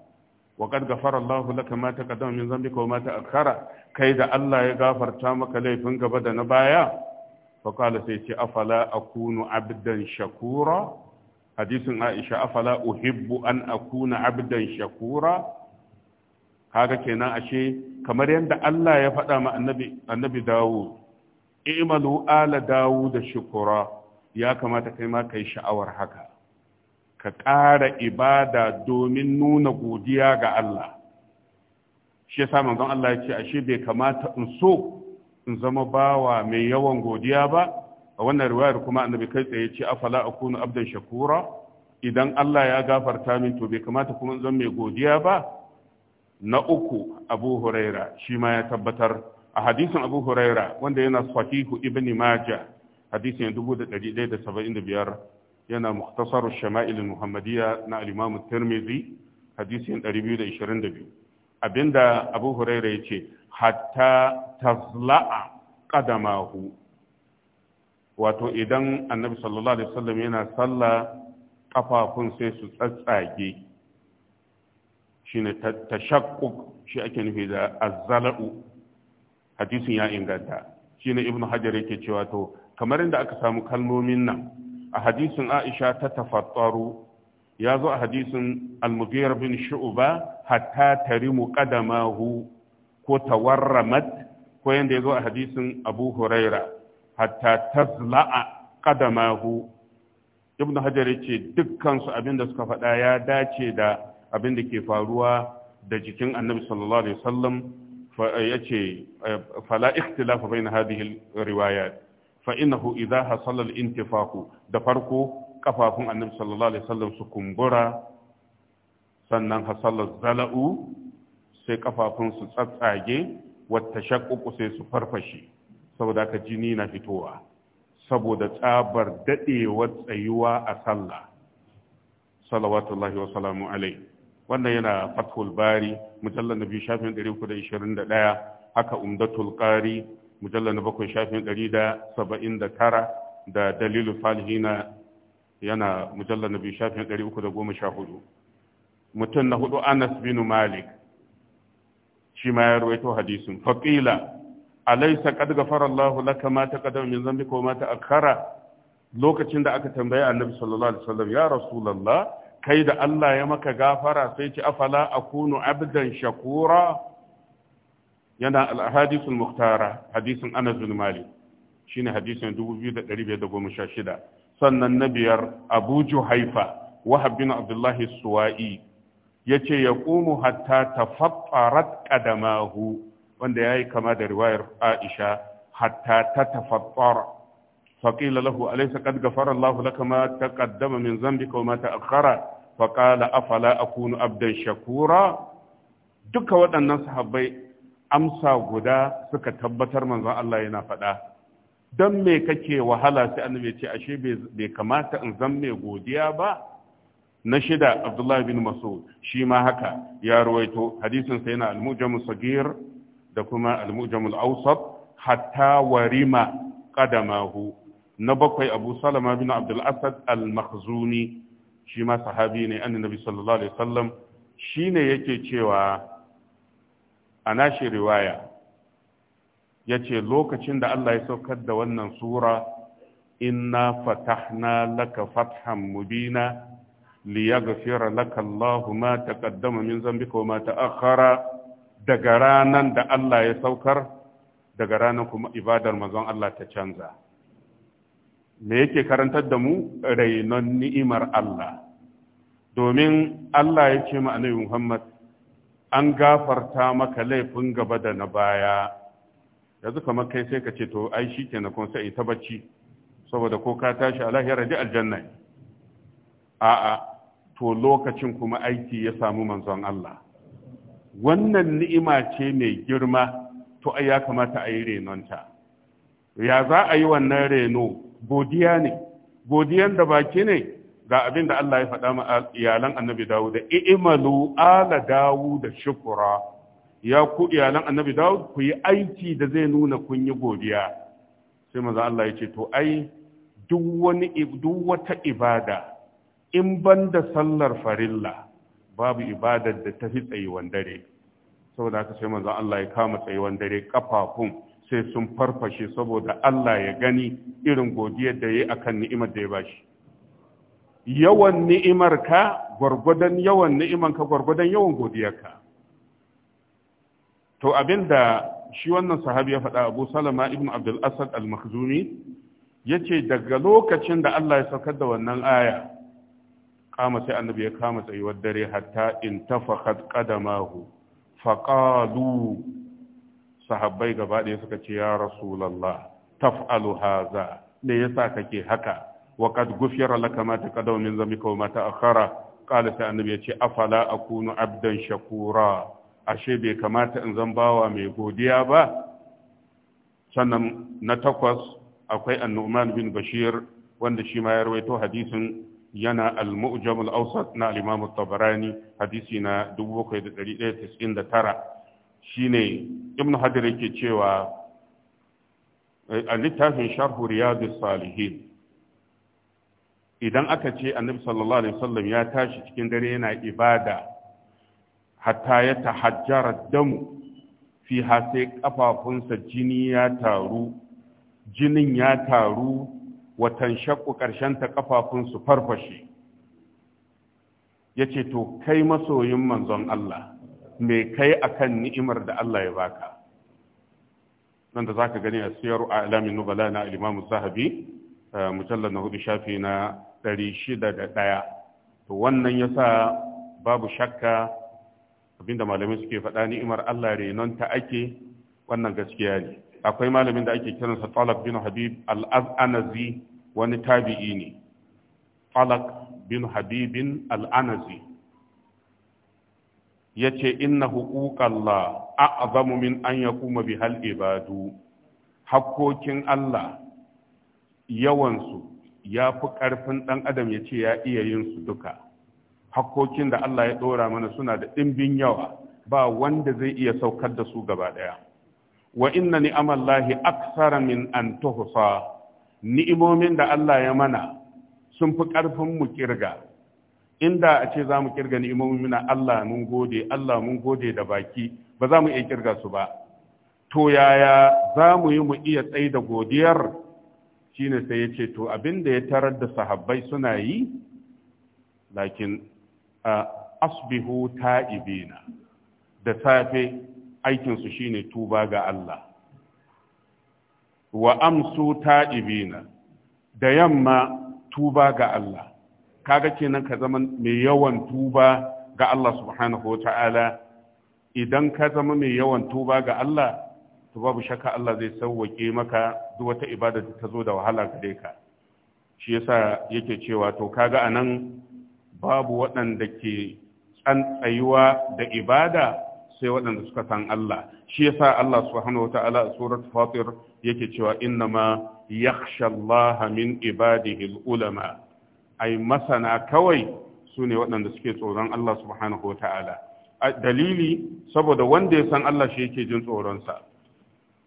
Waƙar kad gafara Allah laka ma taqaddama min dhanbika wa ma akara. kai da Allah ya gafarta maka laifin gaba da na baya fa qala sai ce afala akunu abdan shakura hadisin Aisha afala uhibbu an akuna abdan shakura kaga kenan ashe kamar yadda Allah ya faɗa ma annabi annabi Dawud i'malu ala Dawud shukura ya kamata kai ma kai sha'awar haka ka ƙara ibada domin nuna godiya ga Allah shi ya manzon Allah ya ce ashe bai kamata in so in zama bawa mai yawan godiya ba a wannan riwayar kuma annabi kai tsaye ce afala akunu abdan shakura idan Allah ya gafarta min to bai kamata kuma in zama mai godiya ba na uku Abu Huraira shi ma ya tabbatar a hadisin Abu Huraira wanda yana sahihu Ibn Majah hadisin 1175 yana muktasar shama'ilin muhammadiyya na alimamu tirmidhi hadisin 222 abinda abu huraira ya ce hatta tazla'a qadamahu wato idan annabi sallallahu alaihi wasallam yana sallah kafafun sai su tsatsage shine tashaqqu shi ake nufi da azzala'u hadisin ya inganta shine ibnu hajar yake cewa to kamar inda aka samu kalmomin nan a hadisin Aisha ta tafattaru ya zo a hadisin al bin Shu'uba, hatta tarimu qadamahu ko tawarramat ko yanda ya zo a hadisin Abu Huraira hatta tazla'a qadamahu Ibn Hajar yace dukkan su abinda suka faɗa ya dace da abin da ke faruwa da jikin Annabi sallallahu alaihi wasallam ce eh, fala ikhtilafa bain hadhihi riwayat fa innahu idza hasala al-intifaqu da farko kafafun annabi sallallahu alaihi su kumbura sannan hasala zala'u sai kafafun su tsatsage wata shakkuku sai su farfashe saboda ka jini na fitowa saboda tsabar daɗewar tsayuwa a sallah salawatullahi wa salamu alai wannan yana fathul bari mujallar nabi shafin 321 haka umdatul qari mujallar na bakwai shafin ɗari da saba'in da tara da dalilin falihina yana mujalla na biyu shafin ɗari uku da goma sha hudu mutum na hudu anas bin malik shi ma ya rawaito hadisin faƙila alaisa kad gafara Allah laka ma taqaddama min dhanbika wa ma ta'akhkhara lokacin da aka tambaye annabi sallallahu alaihi wasallam ya rasulullah kai da Allah ya maka gafara sai ci afala akunu abdan shakura yana al-ahadithul muhtara hadisin Anas bin Malik shine hadisin 2516 sannan na biyar Abu Juhaifa Wahab bin Abdullahi Suwa'i yace yaqumu hatta tafattarat qadamahu wanda yayi kama da riwayar Aisha hatta tatafattara فقيل له أليس قد غفر الله لك ما تقدم من ذنبك وما تأخر فقال أفلا أكون أبدا شكورا duka waɗannan sahabbai amsa guda suka tabbatar manzon Allah yana faɗa don me kake wahala sai annabi ce ashe bai kamata in zan mai godiya ba na shida abdullahi bin masud shi ma haka ya ruwaito hadisin sa yana al sagir da kuma al-mujam al hatta warima qadamahu na bakwai abu salama bin abdul asad al-makhzumi shi ma sahabi ne annabi sallallahu alaihi wasallam shine yake cewa a nashi riwaya ya ce lokacin da Allah ya saukar da wannan sura inna fatahna laka fathan mubina liyaghfira laka Allahu ma taqaddama min zambika wa ma ta'akhkhara daga ranan da Allah ya saukar daga ranan kuma ibadar mazan Allah ta canza me yake karantar da mu rainon ni'imar Allah domin Allah ya ce ma annabi Muhammad an gafarta maka laifin gaba da na baya yanzu kamar kai sai ka ce to ai shi ke na kunsa ita bacci saboda ko ka tashi a lahiyar da aljanna a'a to lokacin kuma aiki ya samu manzon Allah wannan ni'ima ce mai girma to ai ya kamata a yi renonta ya za a yi wannan reno godiya ne godiyan da baki ne ga abin da Allah ya faɗa ma iyalan annabi Dawud da i'malu ala Dawud da shukura ya ku iyalan annabi Dawud ku yi aiki da zai nuna kun yi godiya sai manzo Allah ya ce to ai duk wani duk wata ibada in ban da sallar farilla babu ibadar da ta fi tsayuwan dare saboda haka sai maza Allah ya kama tsayuwan dare kafafun sai sun farfashe saboda Allah ya gani irin godiyar da yayi akan ni'imar da ya bashi yawan ni'imarka gwargwadon yawan ni'imanka gwargwadon yawan godiyarka to abinda shi wannan sahabi ya faɗa abu salama ibn abdul asad al-makhzumi yace daga lokacin da Allah ya saukar da wannan aya kama sai annabi ya kama tsayuwar dare hatta in tafakhat qadamahu faqalu sahabbai gaba ɗaya suka ce ya rasulullah taf'alu haza me yasa kake haka wa gufiyar gufira laka ma taqaddama min dhanbika wa ma ta'akhkhara qala sai annabi yace afala akunu abdan shakura ashe bai kamata in zan bawa mai godiya ba sannan na takwas akwai annu'man bin bashir wanda shi ya rawaito hadisin yana al-mu'jam al-awsat na al-imam at-tabarani hadisi na 7199 shine ibnu hadar yake cewa a littafin sharh riyadus salihin idan aka ce annabi sallallahu alaihi wasallam ya tashi cikin dare yana ibada hatta ya tahajjara damu fi ha sai kafafunsa jini ya taru jinin ya taru watan shakku karshen ta kafafun su farfashe yace to kai masoyin manzon Allah me kai akan ni'imar da Allah ya baka nan da zaka gani a siyaru a alamin nubala na al-Imam Zahabi Eh, mujallar na hudu shafi na ɗari shida da ɗaya to wannan ya sa babu shakka abinda malamai suke faɗa ni'imar Allah renonta ake wannan gaskiya ne akwai malamin da ake kiransa talak bin habib al-anazi wani tabi'i ne talak bin habibin al-anazi ya ce inna hukukallah a'azamu min an yakuma kuma bi ibadu hakkokin Allah yawansu ya fi ƙarfin ɗan adam ya ce ya iya yin su duka hakkokin da Allah ya ɗora mana suna da ɗimbin yawa ba wanda zai iya saukar da su gaba ɗaya wa inna ni'amallahi aksara min an tuhsa ni'imomin da Allah ya mana sun fi ƙarfin mu kirga inda a ce za mu kirga ni'imomin na Allah mun gode Allah mun gode da baki ba za mu iya kirga su ba to yaya za mu yi mu iya tsaye da godiyar shine sai ya ce to abin da ya tarar da sahabbai suna yi lakin asbihu ta'ibina da safe aikinsu shine tuba ga Allah wa amsu ta'ibina da yamma tuba ga Allah kaga kenan ka zama mai yawan tuba ga Allah subhanahu wa ta'ala idan ka zama mai yawan tuba ga Allah to babu shakka Allah zai sauwake maka duk wata ibada ta zo da wahala dai ka shi yasa yake cewa to kaga anan babu waɗanda ke tsantsayuwa da ibada sai waɗanda suka san Allah shi yasa Allah subhanahu wata'ala a surat fatir yake cewa innama yakhsha Allah min ibadihi ulama ai masana kawai su ne waɗanda suke tsoron Allah subhanahu wata'ala dalili saboda wanda ya san Allah shi yake jin tsoronsa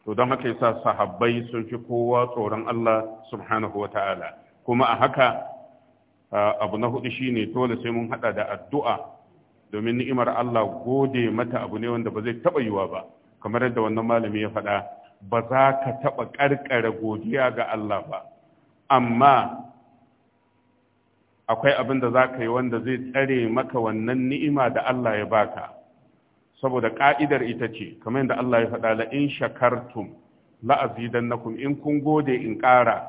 to don haka yasa sahabbai sun fi kowa tsoron Allah subhanahu wa ta'ala kuma a haka abu na hudu shine dole sai mun hada da addu'a domin ni'imar Allah gode mata abu ne wanda ba zai taba yiwa ba kamar yadda wannan malami ya faɗa ba za ka taɓa ƙarƙare godiya ga Allah ba amma akwai abin da za ka yi wanda zai tsare maka wannan ni'ima da Allah ya baka saboda ka'idar ita ce kamar yadda Allah ya faɗa la in shakartum la azidannakum in kun gode in ƙara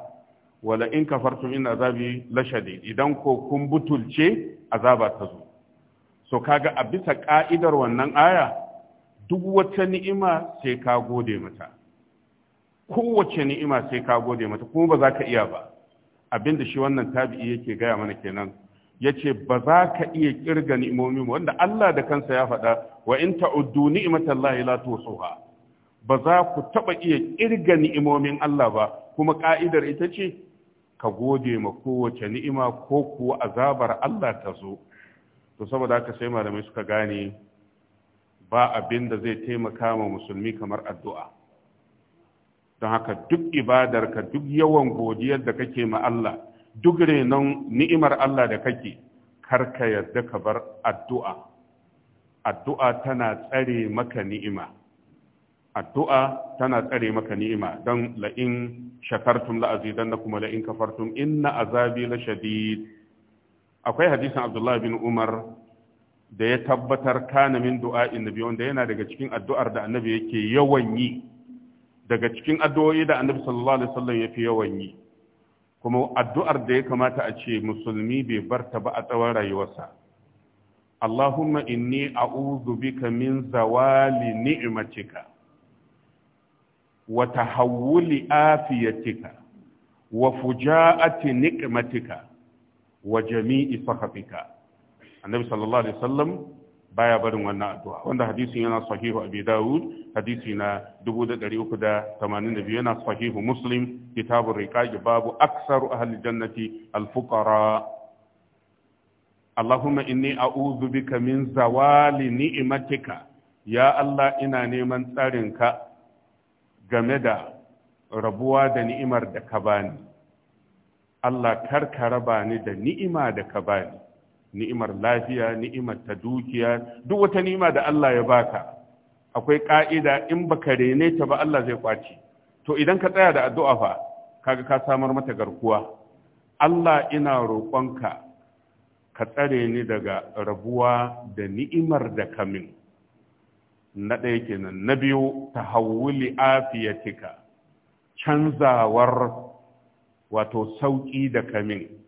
wala in kafartum in azabi shadid idan ko kun butulce azaba ta zo so kaga a bisa ka'idar wannan aya duk wata ni'ima sai ka gode mata kowace ni'ima sai ka gode mata kuma ba za ka iya ba abinda shi wannan tabi'i yake gaya mana kenan Ya ce ba za ka iya kirga ni'imomi wanda Allah da kansa ya faɗa wa in ta'uddu ni'matallahi la tuhsuha ba za ku taɓa iya kirga ni'imomin Allah ba kuma ka'idar ita ce ka gode ma kowace ni'ima ko kuwa azabar Allah ta zo to saboda haka sai malamai suka gane ba abin da zai taimaka ma musulmi kamar addu'a don haka duk ibadarka duk yawan godiyar da kake ma Allah duk renon ni'imar Allah da kake karka yadda ka bar addu'a addu'a tana tsare maka ni'ima addu'a tana tsare maka ni'ima don la'in shakartun la'azidan na kuma la'in kafartun. inna azabi la shadid akwai hadisin abdullahi bin umar da ya tabbatar kana min du'a'in nabi wanda yana daga cikin addu'ar da annabi yake yawan yi daga cikin addu'o'i da annabi sallallahu alaihi wasallam yafi yawan yi kuma addu'ar da ya kamata a ce musulmi bai barta ba a tsawon rayuwarsa Allahumma inni a bika min zawali ni'matika wa tahawuli afiyatika wa fuja'ati ni'imatika, wa jami'i sakhatika annabi sallallahu alaihi wasallam baya barin wannan addu'a wanda hadisin yana sahihu abi dawud hadisi na 382 yana sahihu muslim kitabur riqaq babu aksaru ahli jannati al-fuqara Allahumma inni a'udhu bika min zawali ni'matika ya Allah ina neman tsarinka game da rabuwa da ni'imar da ka bani Allah kar ka raba ni da ni'ima da ka bani ni'imar lafiya ni'imar ta dukiya duk wata ni'ima da Allah ya baka akwai ka'ida in baka rene ta ba Allah zai kwaci to idan ka tsaya da addu'a fa kaga ka samar mata garkuwa Allah ina roƙonka ka tsare ni daga rabuwa da ni'imar da kamin na ɗaya kenan na biyu ta hawuli afiyatika canzawar wato sauƙi da kamin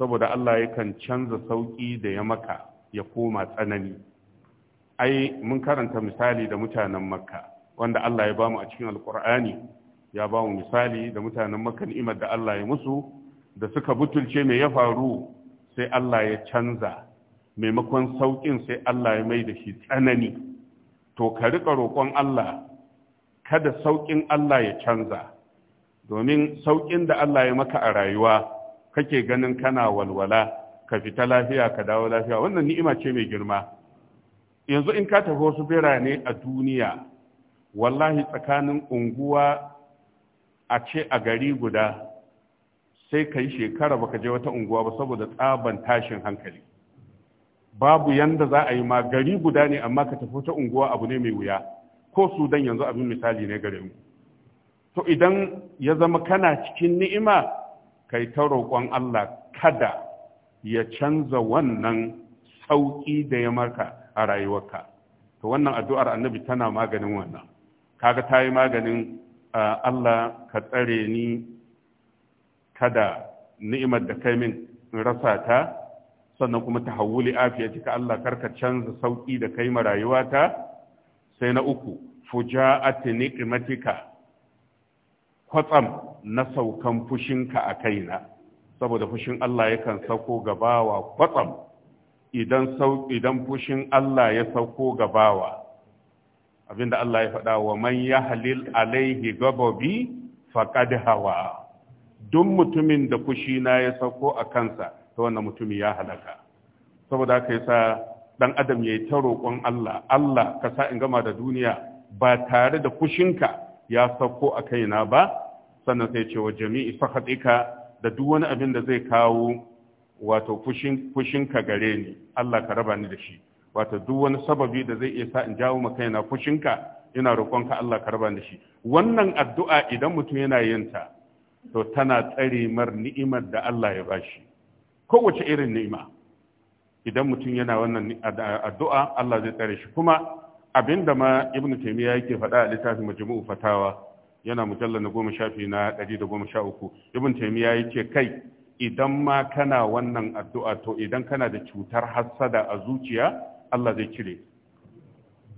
saboda Allah yakan canza sauƙi da ya maka ya koma tsanani ai mun karanta misali da mutanen makka wanda Allah ya bamu a cikin alkur'ani ya bamu misali da mutanen makka ni'imar da Allah ya musu da suka butulce mai ya faru sai Allah ya canza maimakon sauƙin sai Allah ya mai da shi tsanani to ka riƙa roƙon Allah kada sauƙin Allah ya canza domin sauƙin da Allah ya maka a rayuwa kake ganin kana walwala ka fita lafiya ka dawo lafiya wannan ni'ima ce mai girma yanzu in ka tafi wasu birane a duniya wallahi tsakanin unguwa a ce a gari guda sai ka yi shekara baka je wata unguwa ba saboda tsaban tashin hankali babu yanda za a yi ma gari guda ne amma ka tafi wata unguwa abu ne mai wuya ko su dan yanzu abin misali ne gare mu to idan ya zama kana cikin ni'ima kai ta roƙon Allah kada ya canza wannan sauƙi da ya marka a rayuwarka to wannan addu'ar annabi tana maganin wannan kaga ta yi maganin Allah ka tsare ni kada ni'imar da kai min rasa ta sannan kuma ta hawuli afiya cika Allah karka canza sauƙi da kai ma rayuwata sai na uku fuja'ati ni'imatika. kwatsam na saukan fushinka a kaina saboda fushin Allah yakan sauko gabawa kwatsam idan fushin Allah ya sauko gabawa. abinda Allah ya faɗa wa man halil alaihi gabobi faqad hawa duk mutumin da fushi na ya sauko a kansa to wannan mutumi ya halaka saboda haka sa dan adam yayi ta roƙon Allah Allah ka sa in gama da duniya ba tare da fushinka ya sauko a kaina ba sannan sai ce wa jami'i fahadika da duk wani abin da zai kawo wato fushin ka gare ni Allah ka raba ni da shi wato duk wani sababi da zai iya sa in jawo maka yana fushinka ina roƙonka Allah ka raba ni da shi wannan addu'a idan mutum yana yin ta to tana tsare mar ni'imar da Allah ya bashi kowace irin ni'ima idan mutum yana wannan addu'a Allah zai tsare shi kuma abinda ma ibnu taymiya yake faɗa a littafin Majmu'u Fatawa yana mujallar na goma shafi na ɗari da goma sha uku ibn taimiyya ya ce kai idan ma kana wannan addu'a to idan kana da cutar hassada a zuciya Allah zai cire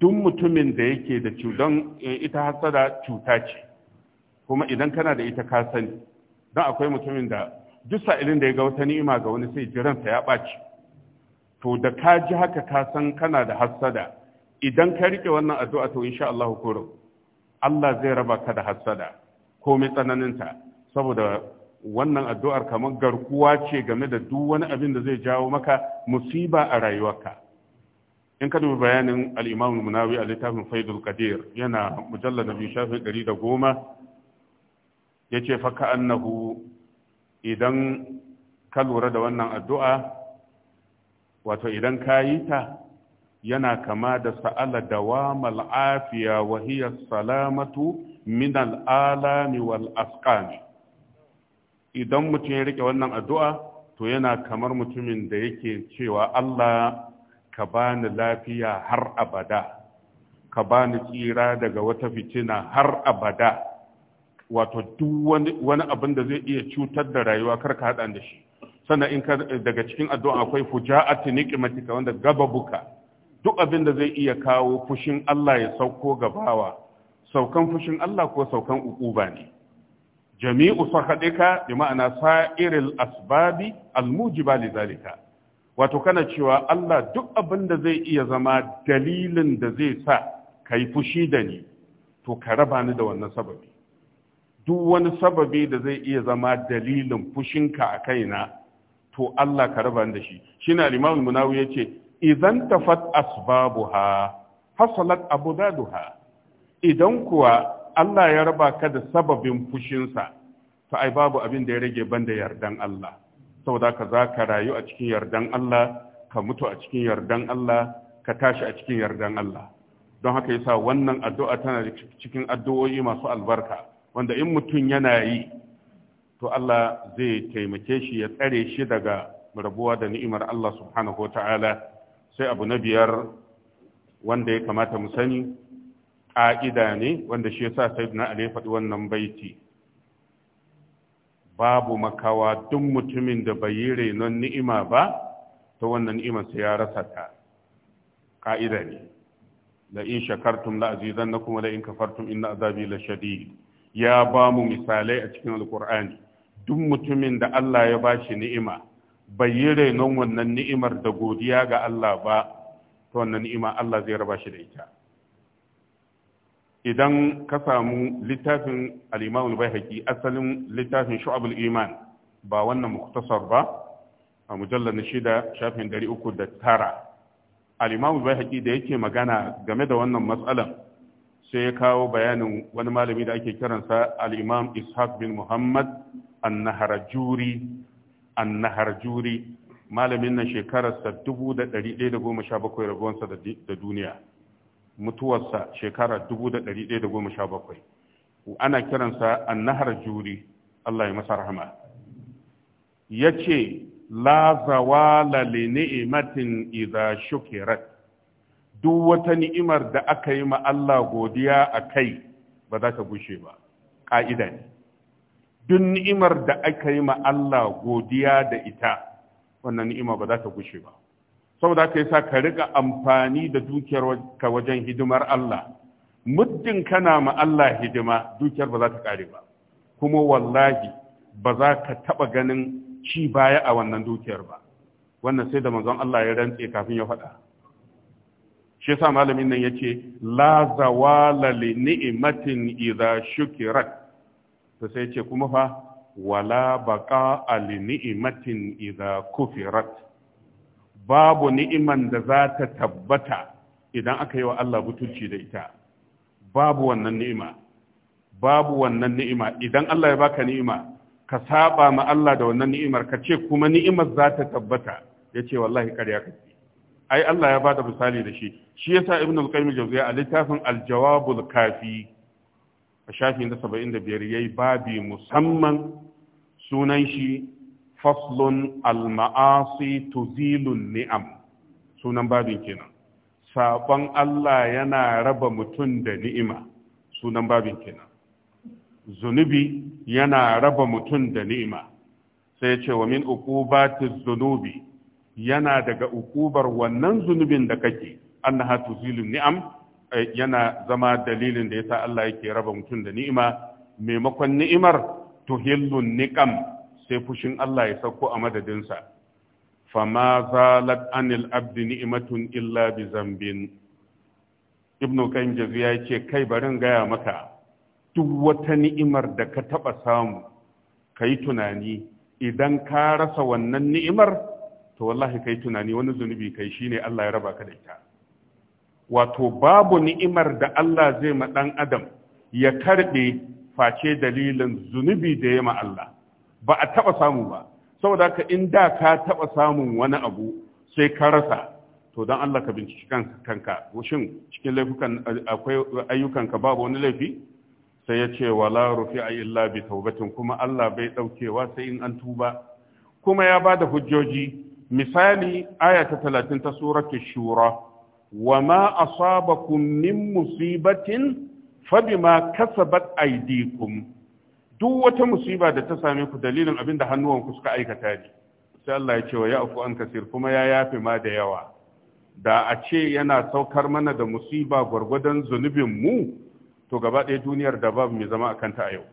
duk mutumin da yake da cutar, eh, ita hassada cuta ce kuma idan kana da ita ka sani don akwai mutumin da duk sa'ilin da ya ga wata ni'ima ga wani sai jiransa ya ɓaci to da ka ji haka ka san kana da hassada idan ka rike wannan addu'a to insha Allah ko Allah zai raba ka da hassada mai tsananinta saboda wannan addu'ar kamar garkuwa ce game da duk wani abin da zai jawo maka musiba a rayuwarka in ka dubi bayanin al'imamun munawi a littafin faidul qadir yana mujallar na biyu shafi ɗari da goma ya ce faka annahu idan ka lura da wannan addu'a wato idan ka yi ta yana kama da sa'ala da wa afiya wa hiya salamatu min al'alami wal asqami idan mutum ya riƙe wannan addu'a to yana kamar mutumin da yake cewa Allah ka bani lafiya har abada ka bani tsira daga wata fitina har abada wato duk wani abin da zai iya cutar da rayuwa kar ka haɗa da shi sannan daga cikin addu'a akwai fuja'ati niqmatika wanda gababuka duk abin da zai iya kawo fushin Allah ya sauko ga bawa saukan fushin Allah ko saukan ukuba ne jami'u sahadika bi ma'ana sa'iril asbabi almujiba lidhalika wato kana cewa Allah duk abin da zai iya zama dalilin da zai sa kai fushi da ni to ka raba ni da wannan sababi duk wani sababi da zai iya zama dalilin fushinka a kaina to Allah ka raba ni da shi shine al-Imam Munawi yace idan tafat asbabuha hasalat abudaduha idan kuwa Allah ya raba ka da sababin fushinsa to ai babu abin da ya rage banda yardan Allah saboda ka za ka rayu a cikin yardan Allah ka mutu a cikin yardan Allah ka tashi a cikin yardan Allah don haka yasa wannan addu'a tana cikin addu'o'i masu albarka wanda in mutum yana yi to Allah zai taimake shi ya tsare shi daga rabuwa da ni'imar Allah subhanahu wa ta'ala sai abu na biyar wanda ya kamata mu sani ƙa'ida ne wanda shi yasa na ali faɗi wannan baiti babu makawa duk mutumin da bai yi renon ni'ima ba ta wannan sai ya rasa ta ƙa'ida ne da in shakartum la azizan na kuma da in kafartum inna azabi la shadid ya ba mu misalai a cikin Alƙur'ani. duk mutumin da Allah ya bashi ni'ima bai yi renon wannan ni'imar da godiya ga Allah ba ta wannan ni'ima Allah zai raba shi da ita idan ka samu littafin al-Imam al asalin littafin Shu'abul Iman ba wannan muktasar ba a mujallar da shida shafin 309 al-Imam al-Baihaqi da yake magana game da wannan matsalan sai ya kawo bayanin wani malami da ake kiransa al-Imam Ishaq bin Muhammad an-Nahrajuri juri malamin nan shekararsa 1117 rabuwansa da duniya mutuwarsa shekarar 1117 ana kiransa juri. Allah ya masa rahama yace la zawala li ni'matin idza shukirat duk wata ni'imar da aka yi ma Allah godiya a kai ba za ta gushe ba ƙa'ida ne duk ni'imar da aka yi ma Allah godiya da ita wannan ni'ima ba za ta gushe ba saboda ka sa ka rika amfani da dukiyar ka wajen hidimar Allah muddin kana ma Allah hidima dukiyar ba za ta kare ba kuma wallahi ba za ka taɓa ganin ci baya a wannan dukiyar ba wannan sai da manzon Allah ya rantse kafin ya faɗa shi yasa malamin nan yace la zawala li ni'matin idza shukirat to sai ce kuma fa wala baqa ali ni'matin idza kufirat babu ni'iman da za ta tabbata idan aka yi wa Allah butulci da ita babu wannan ni'ima babu wannan ni'ima idan Allah ya baka ni'ima ka saba ma Allah da wannan ni'imar ka ce kuma ni'imar za ta tabbata ya ce wallahi ƙarya kake ai Allah ya bada misali da shi shi yasa ibn al-qayyim jawziya a littafin al-jawabul kafi a shafi na saba'in da biyar ya yi babi musamman sunan shi faslun alma'asi tuzilun ni'am sunan babin kenan saƙon Allah yana raba mutum da ni'ima sunan babin kenan zunubi yana raba mutum da ni'ima sai ce wa min ta zunubi yana daga uƙubar wannan zunubin da kake annaha tuzilun ni'am Eh, yana zama dalilin da yasa Allah yake raba mutum da ni'ima maimakon ni'imar tuhillun niqam sai fushin Allah ya sauko a madadinsa fama zalat anil abdi ni'matun illa bi zambin ibnu qayyim jaziya ce kai barin gaya maka duk wata ni'imar da ka taba samu kai tunani idan ka rasa wannan ni'imar to wallahi kai tunani wani zunubi kai shine Allah ya raba ka da ita wato babu ni'imar da Allah zai ma ɗan adam ya karɓe face dalilin zunubi da ya ma Allah ba a taɓa samu ba saboda ka in da ka taɓa samun wani abu sai ka rasa to don Allah ka binciki kanka shin cikin laifukan akwai ayyukanka babu wani laifi sai ya ce wala rufi'a illa bi tawbatin kuma Allah bai ɗaukewa sai in an tuba kuma ya bada hujjoji misali aya ta 30 ta suratul shura wa ma من مصيبة musibatin كسبت أيديكم duk wata musiba da ta same ku dalilin abin da hannuwanku suka aikata ne sai Allah ya ce wa ya'fu an kasir kuma ya yafe ma da yawa da a ce yana saukar mana da musiba gwargwadon zunubin mu to gaba ɗaya duniyar da babu mai zama a kanta a yau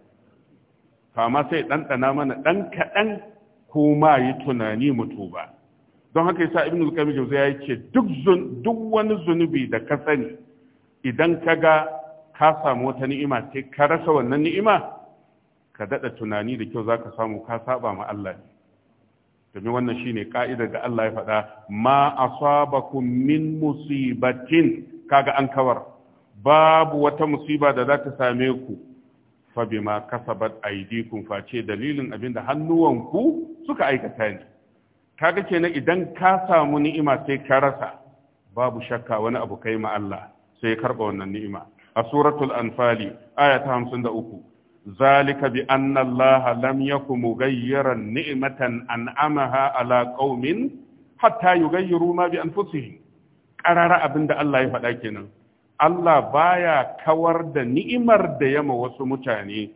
kama sai ɗanɗana mana ɗan kaɗan ko ma yi tunani mutu ba don haka yasa ibn al-qayyim jauzi ya ce duk wani zunubi da ka sani idan ka ga ka samu wata ni'ima sai ka rasa wannan ni'ima ka daɗa tunani da kyau zaka samu ka saba ma Allah domin wannan shine ka'idar da Allah ya faɗa ma asabakum min musibatin kaga an kawar babu wata musiba da za ta same ku fa bima kasabat aydikum face dalilin abinda hannuwanku suka aikata ne kaga kenan idan ka samu ni'ima sai ka rasa babu shakka wani abu kai ma Allah sai karba wannan ni'ima a suratul anfali aya ta 53 zalika bi anna Allah lam yakum mughayyiran ni'matan an'amaha ala qaumin hatta yughayyiru ma bi anfusihim qarara abinda Allah ya faɗa kenan Allah baya kawar da ni'imar da yama wasu mutane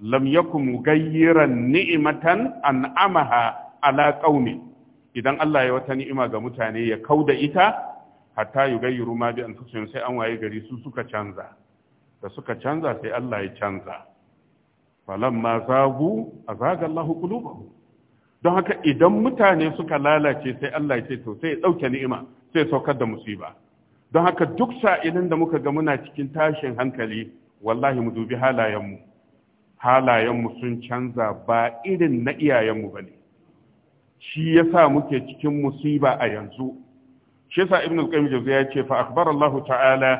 lam yakum mughayyiran ni'matan an'amaha ala qaumi idan Allah ya wata ni'ima ga mutane ya kauda ita hatta yugayyiru ma bi anfusihim sai an waye gari su suka canza da suka canza sai Allah ya canza falamma zagu azaga Allahu qulubahum don haka idan mutane suka lalace sai Allah ya ce to sai ya dauke ni'ima sai saukar da musiba don haka duk sa'ilin da muka ga muna cikin tashin hankali wallahi mu dubi halayenmu halayenmu sun canza ba irin na iyayenmu bane shi ya sa muke cikin musiba a yanzu shi yasa ibn al-qayyim ya ce fa akhbara Allah ta'ala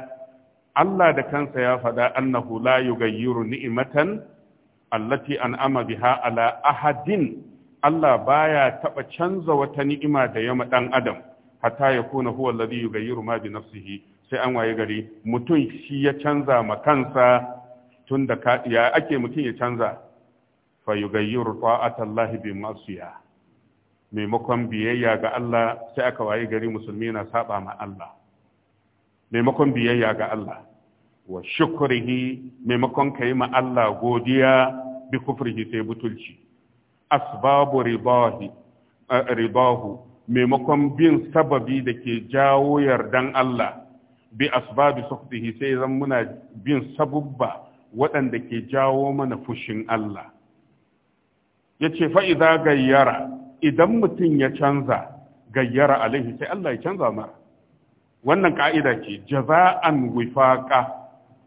Allah da kansa ya fada annahu la yughayyiru ni'matan allati an'ama biha ala ahadin Allah baya taba canza wata ni'ima da yama dan adam hatta yakuna huwa alladhi yughayyiru ma bi nafsihi sai an waye gari mutum shi ya canza ma kansa tun da ya ake mutum ya canza fa yughayyiru Allah bi ma'siyah maimakon biyayya ga Allah sai aka wayi gari musulmi na saba ma Allah maimakon biyayya ga Allah wa shukrihi maimakon kai ma Allah godiya bi kufrihi sai butulci asbabu ribahi ribahu maimakon bin sababi da ke jawo yardan Allah bi asbabi sukhtihi sai zan muna bin sabubba waɗanda ke jawo mana fushin Allah yace fa idza gayyara idan mutum ya canza gayyara alaihi sai Allah ya canza mara wannan ka'ida ce jaza'an wifaqa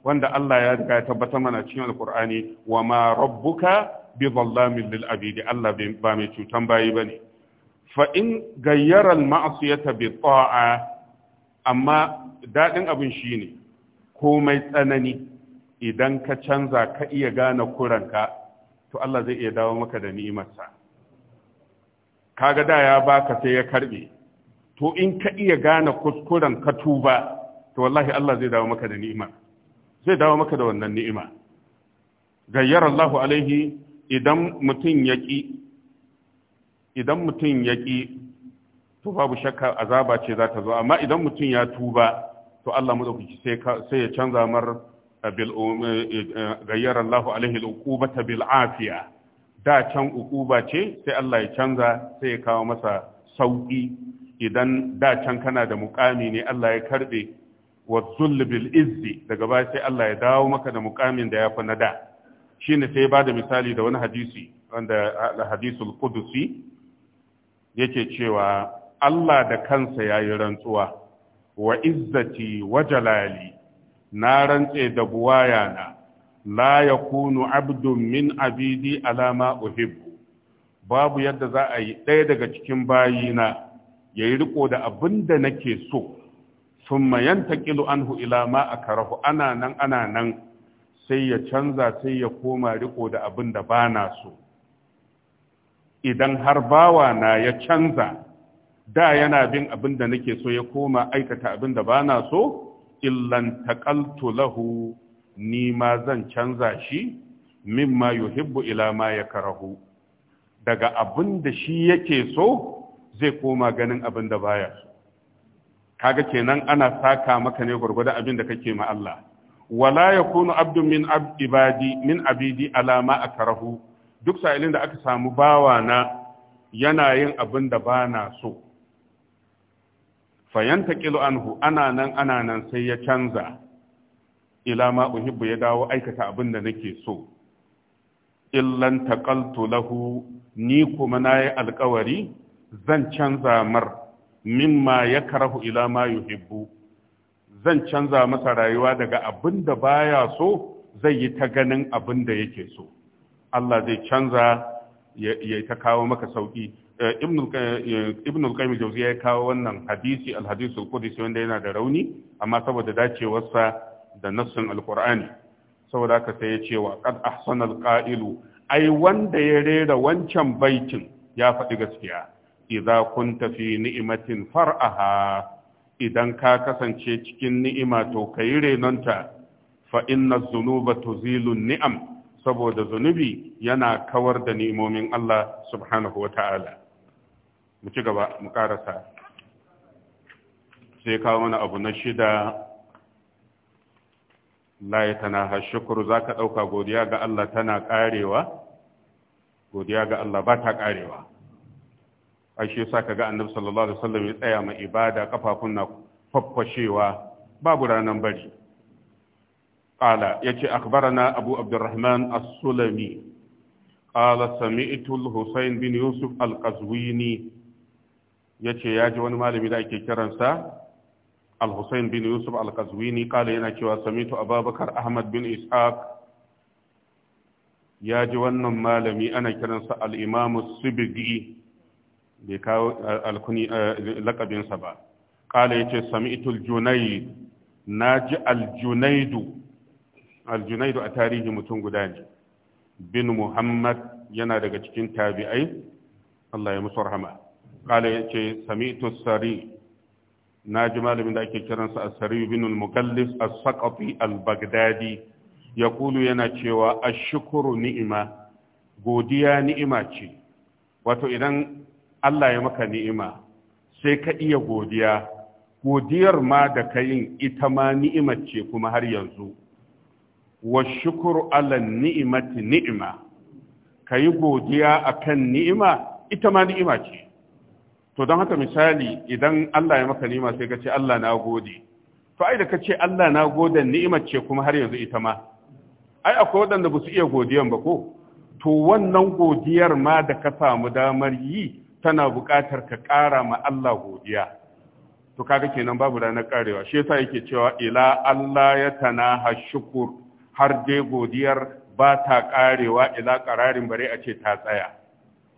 wanda Allah ya riga ya tabbatar mana cikin alqur'ani wa ma rabbuka bi dhallamin lil abid Allah ba mai cutan bayi bane fa in gayyara al ma'siyata bi ta'a amma dadin abin shine komai tsanani idan ka canza ka iya gane kuranka to Allah zai iya dawo maka da ni'imarsa kaga da ya baka sai ya karbe to in ka iya gane kuskuren ka tuba to wallahi Allah zai dawo maka da ni'ima zai dawo maka da wannan ni'ima gayyar Allahu alaihi idan mutum yaki idan mutum yaki to babu shakka azaba ce za ta zo amma idan mutum ya tuba to Allah madaukaki sai sai ya canza mar eh, bil um, eh, eh, gayyar Allahu alaihi al-uqubata bil afiya da can ukuba ce sai Allah ya canza sai ya kawo masa sauki idan da can kana da mukami ne Allah ya karbe wa zul bil izzi daga baya sai Allah ya dawo maka da mukamin da ya fi na da shine sai ba da misali da wani hadisi wanda hadisul qudsi yake cewa Allah da kansa yayi rantsuwa wa izzati wa jalali na rantse da na. la kunu abdun min abidi alama uhibbu babu yadda za a yi ɗaya daga cikin bayina ya yi riko da abin da nake so sun mayan taƙilu an ila ma a karahu ana nan ana nan sai ya canza sai ya koma riko da abin da ba na so idan har bawa na ya canza da yana bin abin da nake so ya koma aikata abin da ba na so illan taƙaltu lahu ni ma zan canza shi min mimma yuhibbu ila ma yakrahu daga abin da shi yake so zai koma ganin abin da baya so kaga kenan ana saka maka ne gurgurda abin da kake ma Allah wala yakunu abdun min abdi min abidi ala ma akrahu duk sa'ilin da aka samu bawa na yana yin abin da na so fayantaqilu anhu ana nan ana nan sai ya canza ila ma uhibbu ya dawo aikata abin da nake so illan taqaltu lahu ni kuma nayi alkawari zan canza mar mimma yakrahu ila ma yuhibbu zan canza masa rayuwa daga abin da baya so zai yi ta ganin abin da yake so Allah zai canza ya ta kawo maka sauki eh, ibn al-qayyim eh, jawziya ya kawo wannan hadisi al-hadisul qudsi wanda yana da rauni amma saboda dacewarsa da nassin alkur'ani saboda haka sai ya ce wa qad ahsana alqailu ai wanda ya rera wancan baitin ya faɗi gaskiya idza kunta fi ni'matin far'aha idan ka kasance cikin ni'ima to kai renonta fa inna dhunuba tuzilu ni'am saboda zunubi yana kawar da ni'imomin Allah subhanahu wata'ala mu ci gaba mu karasa sai kawo mana abu na shida la ya tanaha za ka ɗauka godiya ga Allah tana ƙarewa godiya ga Allah ba ta ƙarewa a shi yasa ka ga annab sallallahu alaihi wasallam ya tsaya ma ibada kafafun na fafashewa babu ranar bari qala yace akbarana abu abdurrahman as-sulami qala sami'itu al bin yusuf al-qazwini ce ya ji wani malami da ake kiransa al-Husayn bin Yusuf al-Qazwini kala yana cewa samitu ababakar Ahmad bin Ishaq ya ji wannan malami ana kiransa al-Imam Sibigi bai kawo eh, alkuni eh, lakabinsa ba kala yace sami'tul Junayd naji al-Junaydu al-Junaydu a tarihi mutum guda ne bin Muhammad yana daga cikin tabi'ai Allah ya musu rahama kala yace sami'tus Sari na ji malamin da ake kiransa asari bin al mukallis as-saqafi al-baghdadi ya kulu yana cewa ashkuru ni'ima godiya ni'ima ce wato idan Allah ya maka ni'ima sai ka iya godiya godiyar ma da kai ita ma ni'ima ce kuma har yanzu wa shukuru ala ni'imati ni'ima kayi godiya akan ni'ima ita ma ni'ima ce to don haka misali idan Allah ya maka nima sai ka ce Allah na gode to ai da ka ce Allah na gode ni'imar ce kuma har yanzu ita ma ai akwai waɗanda ba su iya godiyan ba ko to wannan godiyar ma da ka samu damar yi tana buƙatar ka ƙara ma Allah godiya to kaga kenan babu ranar karewa shi yasa yake cewa ila Allah ya tanaha shukur har dai godiyar ba ta karewa ila kararin bare a ce ta tsaya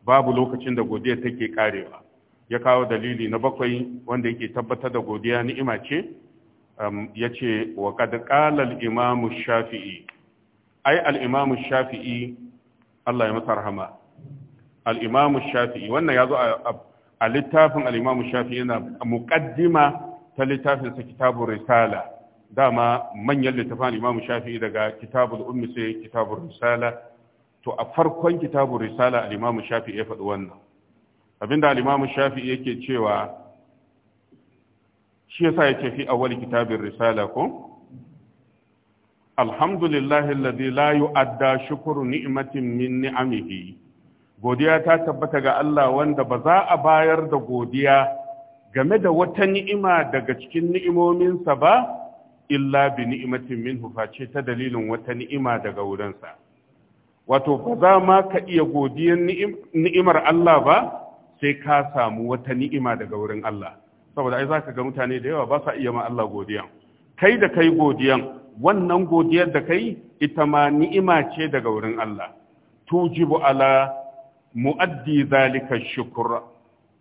babu lokacin da godiyar take karewa ya kawo dalili na bakwai wanda yake tabbatar da godiya ni'ima ce um, ya ce wa kad qala imamu shafi'i ai al shafi'i Allah ya masa rahama al-imamu shafi'i wannan ya zo a littafin al-imamu shafi'i yana muƙaddima ta littafin sa kitabur risala dama manyan littafin imamu shafi'i daga kitabul ummi sai risala to a farkon kitabur risala al-imamu shafi'i ya faɗi wannan abinda al-imamu shafi'i yake cewa shi yasa yake fi awwal kitabin risala ko alhamdulillahi alladhi la yu'adda shukru ni'matin min ni'amihi godiya ta tabbata ga Allah wanda ba za a bayar da godiya game da wata ni'ima daga cikin ni'imominsa ba illa bi ni'imatin minhu face ta dalilin wata ni'ima daga wurinsa wato ba za ma ka iya godiyar ni'imar Allah ba sai ka samu wata ni'ima daga wurin Allah saboda ai zaka ga mutane da yawa ba sa iya ma Allah godiyan kai da kai godiyan wannan godiyar da kai ita ma ni'ima ce daga wurin Allah tujibu ala mu'addi zalika shukr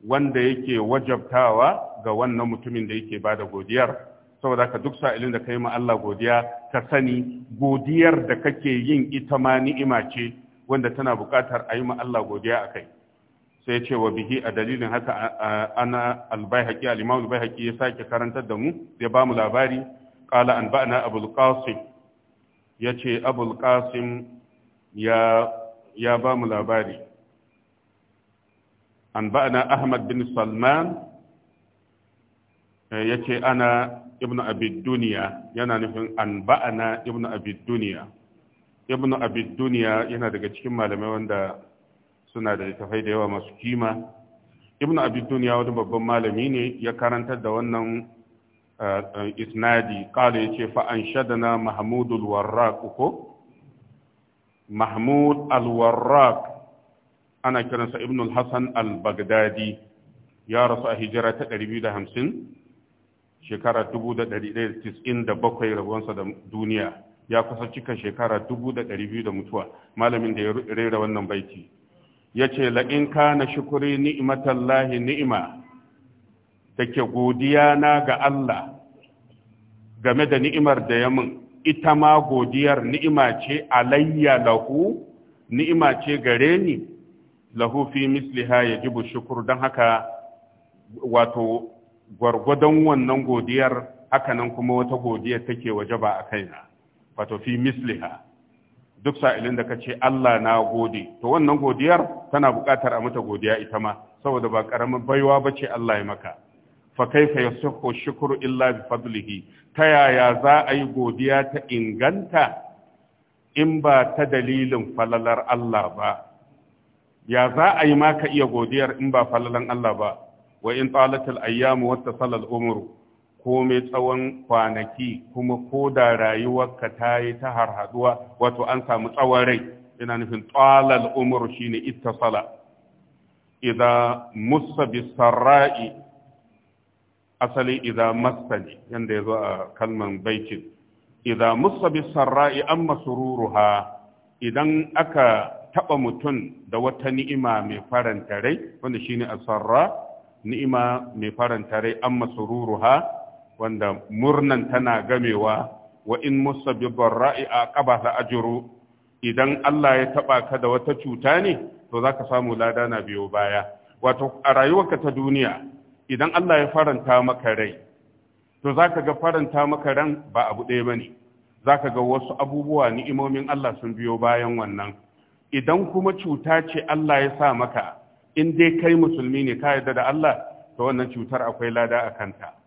wanda yake wajabtawa ga wannan mutumin da yake bada godiyar saboda ka duk sa'ilin da kai ma Allah godiya ka sani godiyar da kake yin ita ma ni'ima ce wanda tana buƙatar a yi ma Allah godiya a kai sai ce wa bihi a dalilin haka ana albayhaqi al-imam albayhaqi ya sake karantar da mu ya ba mu labari ƙala an ba'ana abulƙasim ya ce abulƙasim ya ya ba mu labari an ba'ana ahmad bin salman eh, ya ce ana ibn abid duniya yana nufin an ba'ana ibn abid duniya ibn abid duniya yana daga cikin malamai wanda suna da littafai da yawa masu kima ibn abidun ya wani babban malami ne ya karantar da wannan eh, eh, isnadi kala ya ce fa'an shadana mahmudul warraq ko mahmud al-warraq ana kiransa ibn al-hassan al-baghdadi ya rasu a hijira ta 250 shekara 1197 rabuwansa da duniya ya kusa cika shekara 200 da mutuwa malamin da ya rera wannan baiti Ya ce la in kana shukuri ni'matallahi ni'ima take godiya na ga Allah game da ni'imar da ya mun ita ma godiyar ni'ima ce alayya lahu ni'ima ce gare ni lahu fi misliha yajibu shukuru don haka wato gwargwadon wannan godiyar hakanan kuma wata godiya take waje ba a kaina wato fi misliha duk sa'ilin da ka ce Allah na gode to wannan godiyar tana buƙatar a mata godiya ita ma saboda ba ƙaramin baiwa ba ce Allah ya maka fa kaifa yasihhu shukru illa bi fadlihi ta yaya za a yi godiya ta inganta in ba ta dalilin falalar Allah ba ya za a yi ma ka iya godiyar in ba falalan Allah ba wa in talatul ayyamu wata sallar umru komai tsawon kwanaki kuma ko da rayuwarka ta yi ta harhaduwa wato an samu tsawon rai ina nufin tsalal umar shine ittasala idza musa Sarai, asali idza massa ne yanda yazo a kalman baikin. idza musa Sarai amma masururuha, idan aka taba mutum da wata ni'ima mai faranta rai wanda shine asarra ni'ima mai faranta rai amma sururuha wanda murnan tana gamewa wa in musabbibar ra'i a ƙaba ta ajuru idan Allah ya taba ka da wata cuta ne to za ka samu lada na biyo baya wato a rayuwarka ta duniya idan Allah ya faranta maka rai to za ga faranta maka ran ba abu ɗaya ba ne za ga wasu abubuwa ni'imomin Allah sun biyo bayan wannan idan kuma cuta ce Allah ya sa maka in dai kai musulmi ne ka yarda da Allah to wannan cutar akwai lada a kanta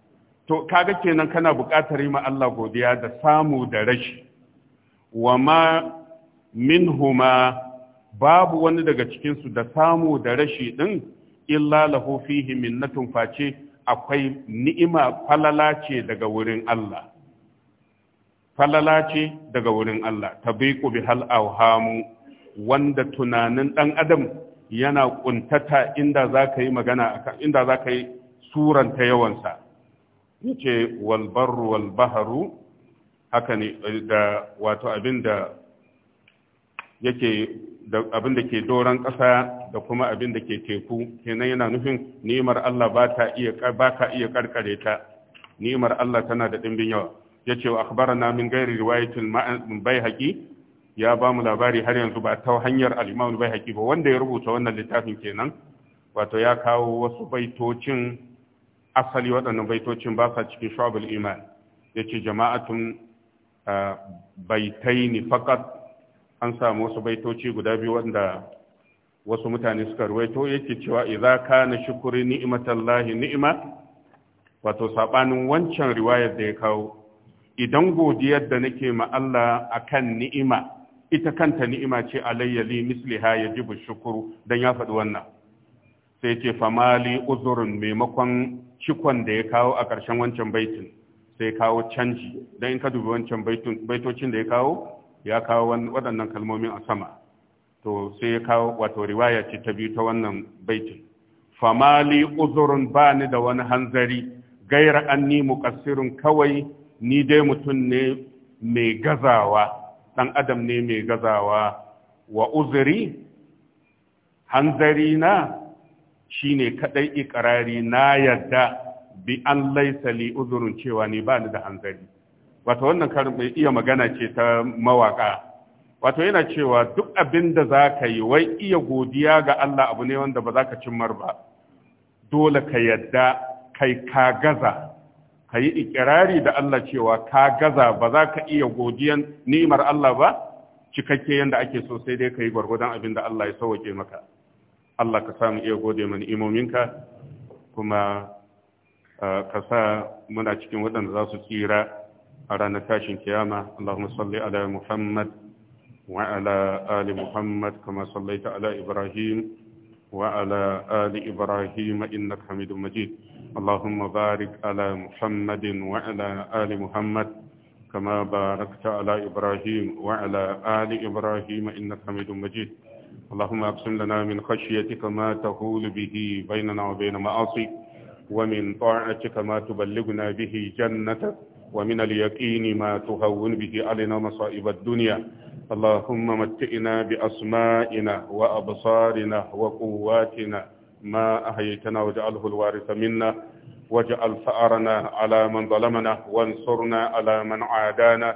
to kaga kenan kana buƙatar yi ma Allah godiya da samu da rashi wa ma min huma babu wani daga cikinsu da samu da rashi ɗin illa lahu fihi minnatun face akwai ni'ima falala ce daga wurin Allah falala ce daga wurin Allah tabiqu hal awhamu wanda tunanin dan adam yana kuntata inda zaka yi magana inda zaka yi suranta yawansa yace wal barru wal haka ne eh, da wato abinda yake da abin da ke doron ƙasa da kuma abin da ke teku kenan yana nufin ni'imar Allah ba ta iya ba ka iya karkare ta ni'imar Allah tana da dimbin yawa yace wa akhbarana min ghairi riwayatil bayhaqi ya ba mu labari har yanzu ba ta hanyar al-Imam bayhaqi ba wanda ya rubuta wannan littafin kenan wato ya kawo wasu baitocin asali waɗannan baitocin ba sa cikin shu'abul iman yace jama'atun baitaini faqat an samu wasu baitoci guda biyu wanda wasu mutane suka ruwaito yake cewa idza kana shukuri ni'matallahi ni'ma wato sabanin wancan riwayar da ya kawo idan godiyar da nake ma Allah akan ni'ima ita kanta ni'ima ce alayya li misliha yajibu shukuru dan ya faɗi wannan sai ce famali uzurin maimakon cikon da ya kawo a ƙarshen wancan baitin sai kawo canji don in ka dubi wancan baitocin da ya kawo ya kawo waɗannan kalmomin a sama to sai ya kawo wato riwaya ce ta biyu ta wannan baitin famali uzurin ba ni da wani hanzari gaira an ni muƙassirin kawai ni dai mutum ne mai gazawa ɗan adam ne mai gazawa wa uzuri hanzari na Shi ne kaɗai ikirari na yadda bi an laisa li uzurin cewa ni ba ni da hanzari wato wannan karin mai iya magana ce ta mawaƙa. wato yana cewa duk abin da za ka yi wai iya godiya ga Allah abu ne wanda ba za ka cimmar ba dole ka yadda kai ka gaza ka yi ikirari da Allah cewa ka gaza ba za ka iya godiyan nimar Allah ba cikakke yadda ake so sai dai ka yi gwargwadon abin da Allah ya sauwake maka Allah ka samu iya gode mana imominka kuma ka sa muna cikin waɗanda za su tsira a ranar tashin kiyama Allahumma salli ala Muhammad wa ala ali Muhammad kama sallaita ala Ibrahim wa ala ali Ibrahim innaka Hamidum Majid Allahumma barik ala Muhammadin wa ala ali Muhammad كما باركت على إبراهيم وعلى آل إبراهيم إنك حميد مجيد اللهم أقسم لنا من خشيتك ما تهول به بيننا وبين معاصيك ومن طاعتك ما تبلغنا به جنتك ومن اليقين ما تهون به علينا مصائب الدنيا اللهم متئنا بأسمائنا وأبصارنا وقواتنا ما أهيتنا واجعله الوارث منا واجعل فأرنا على من ظلمنا وانصرنا على من عادانا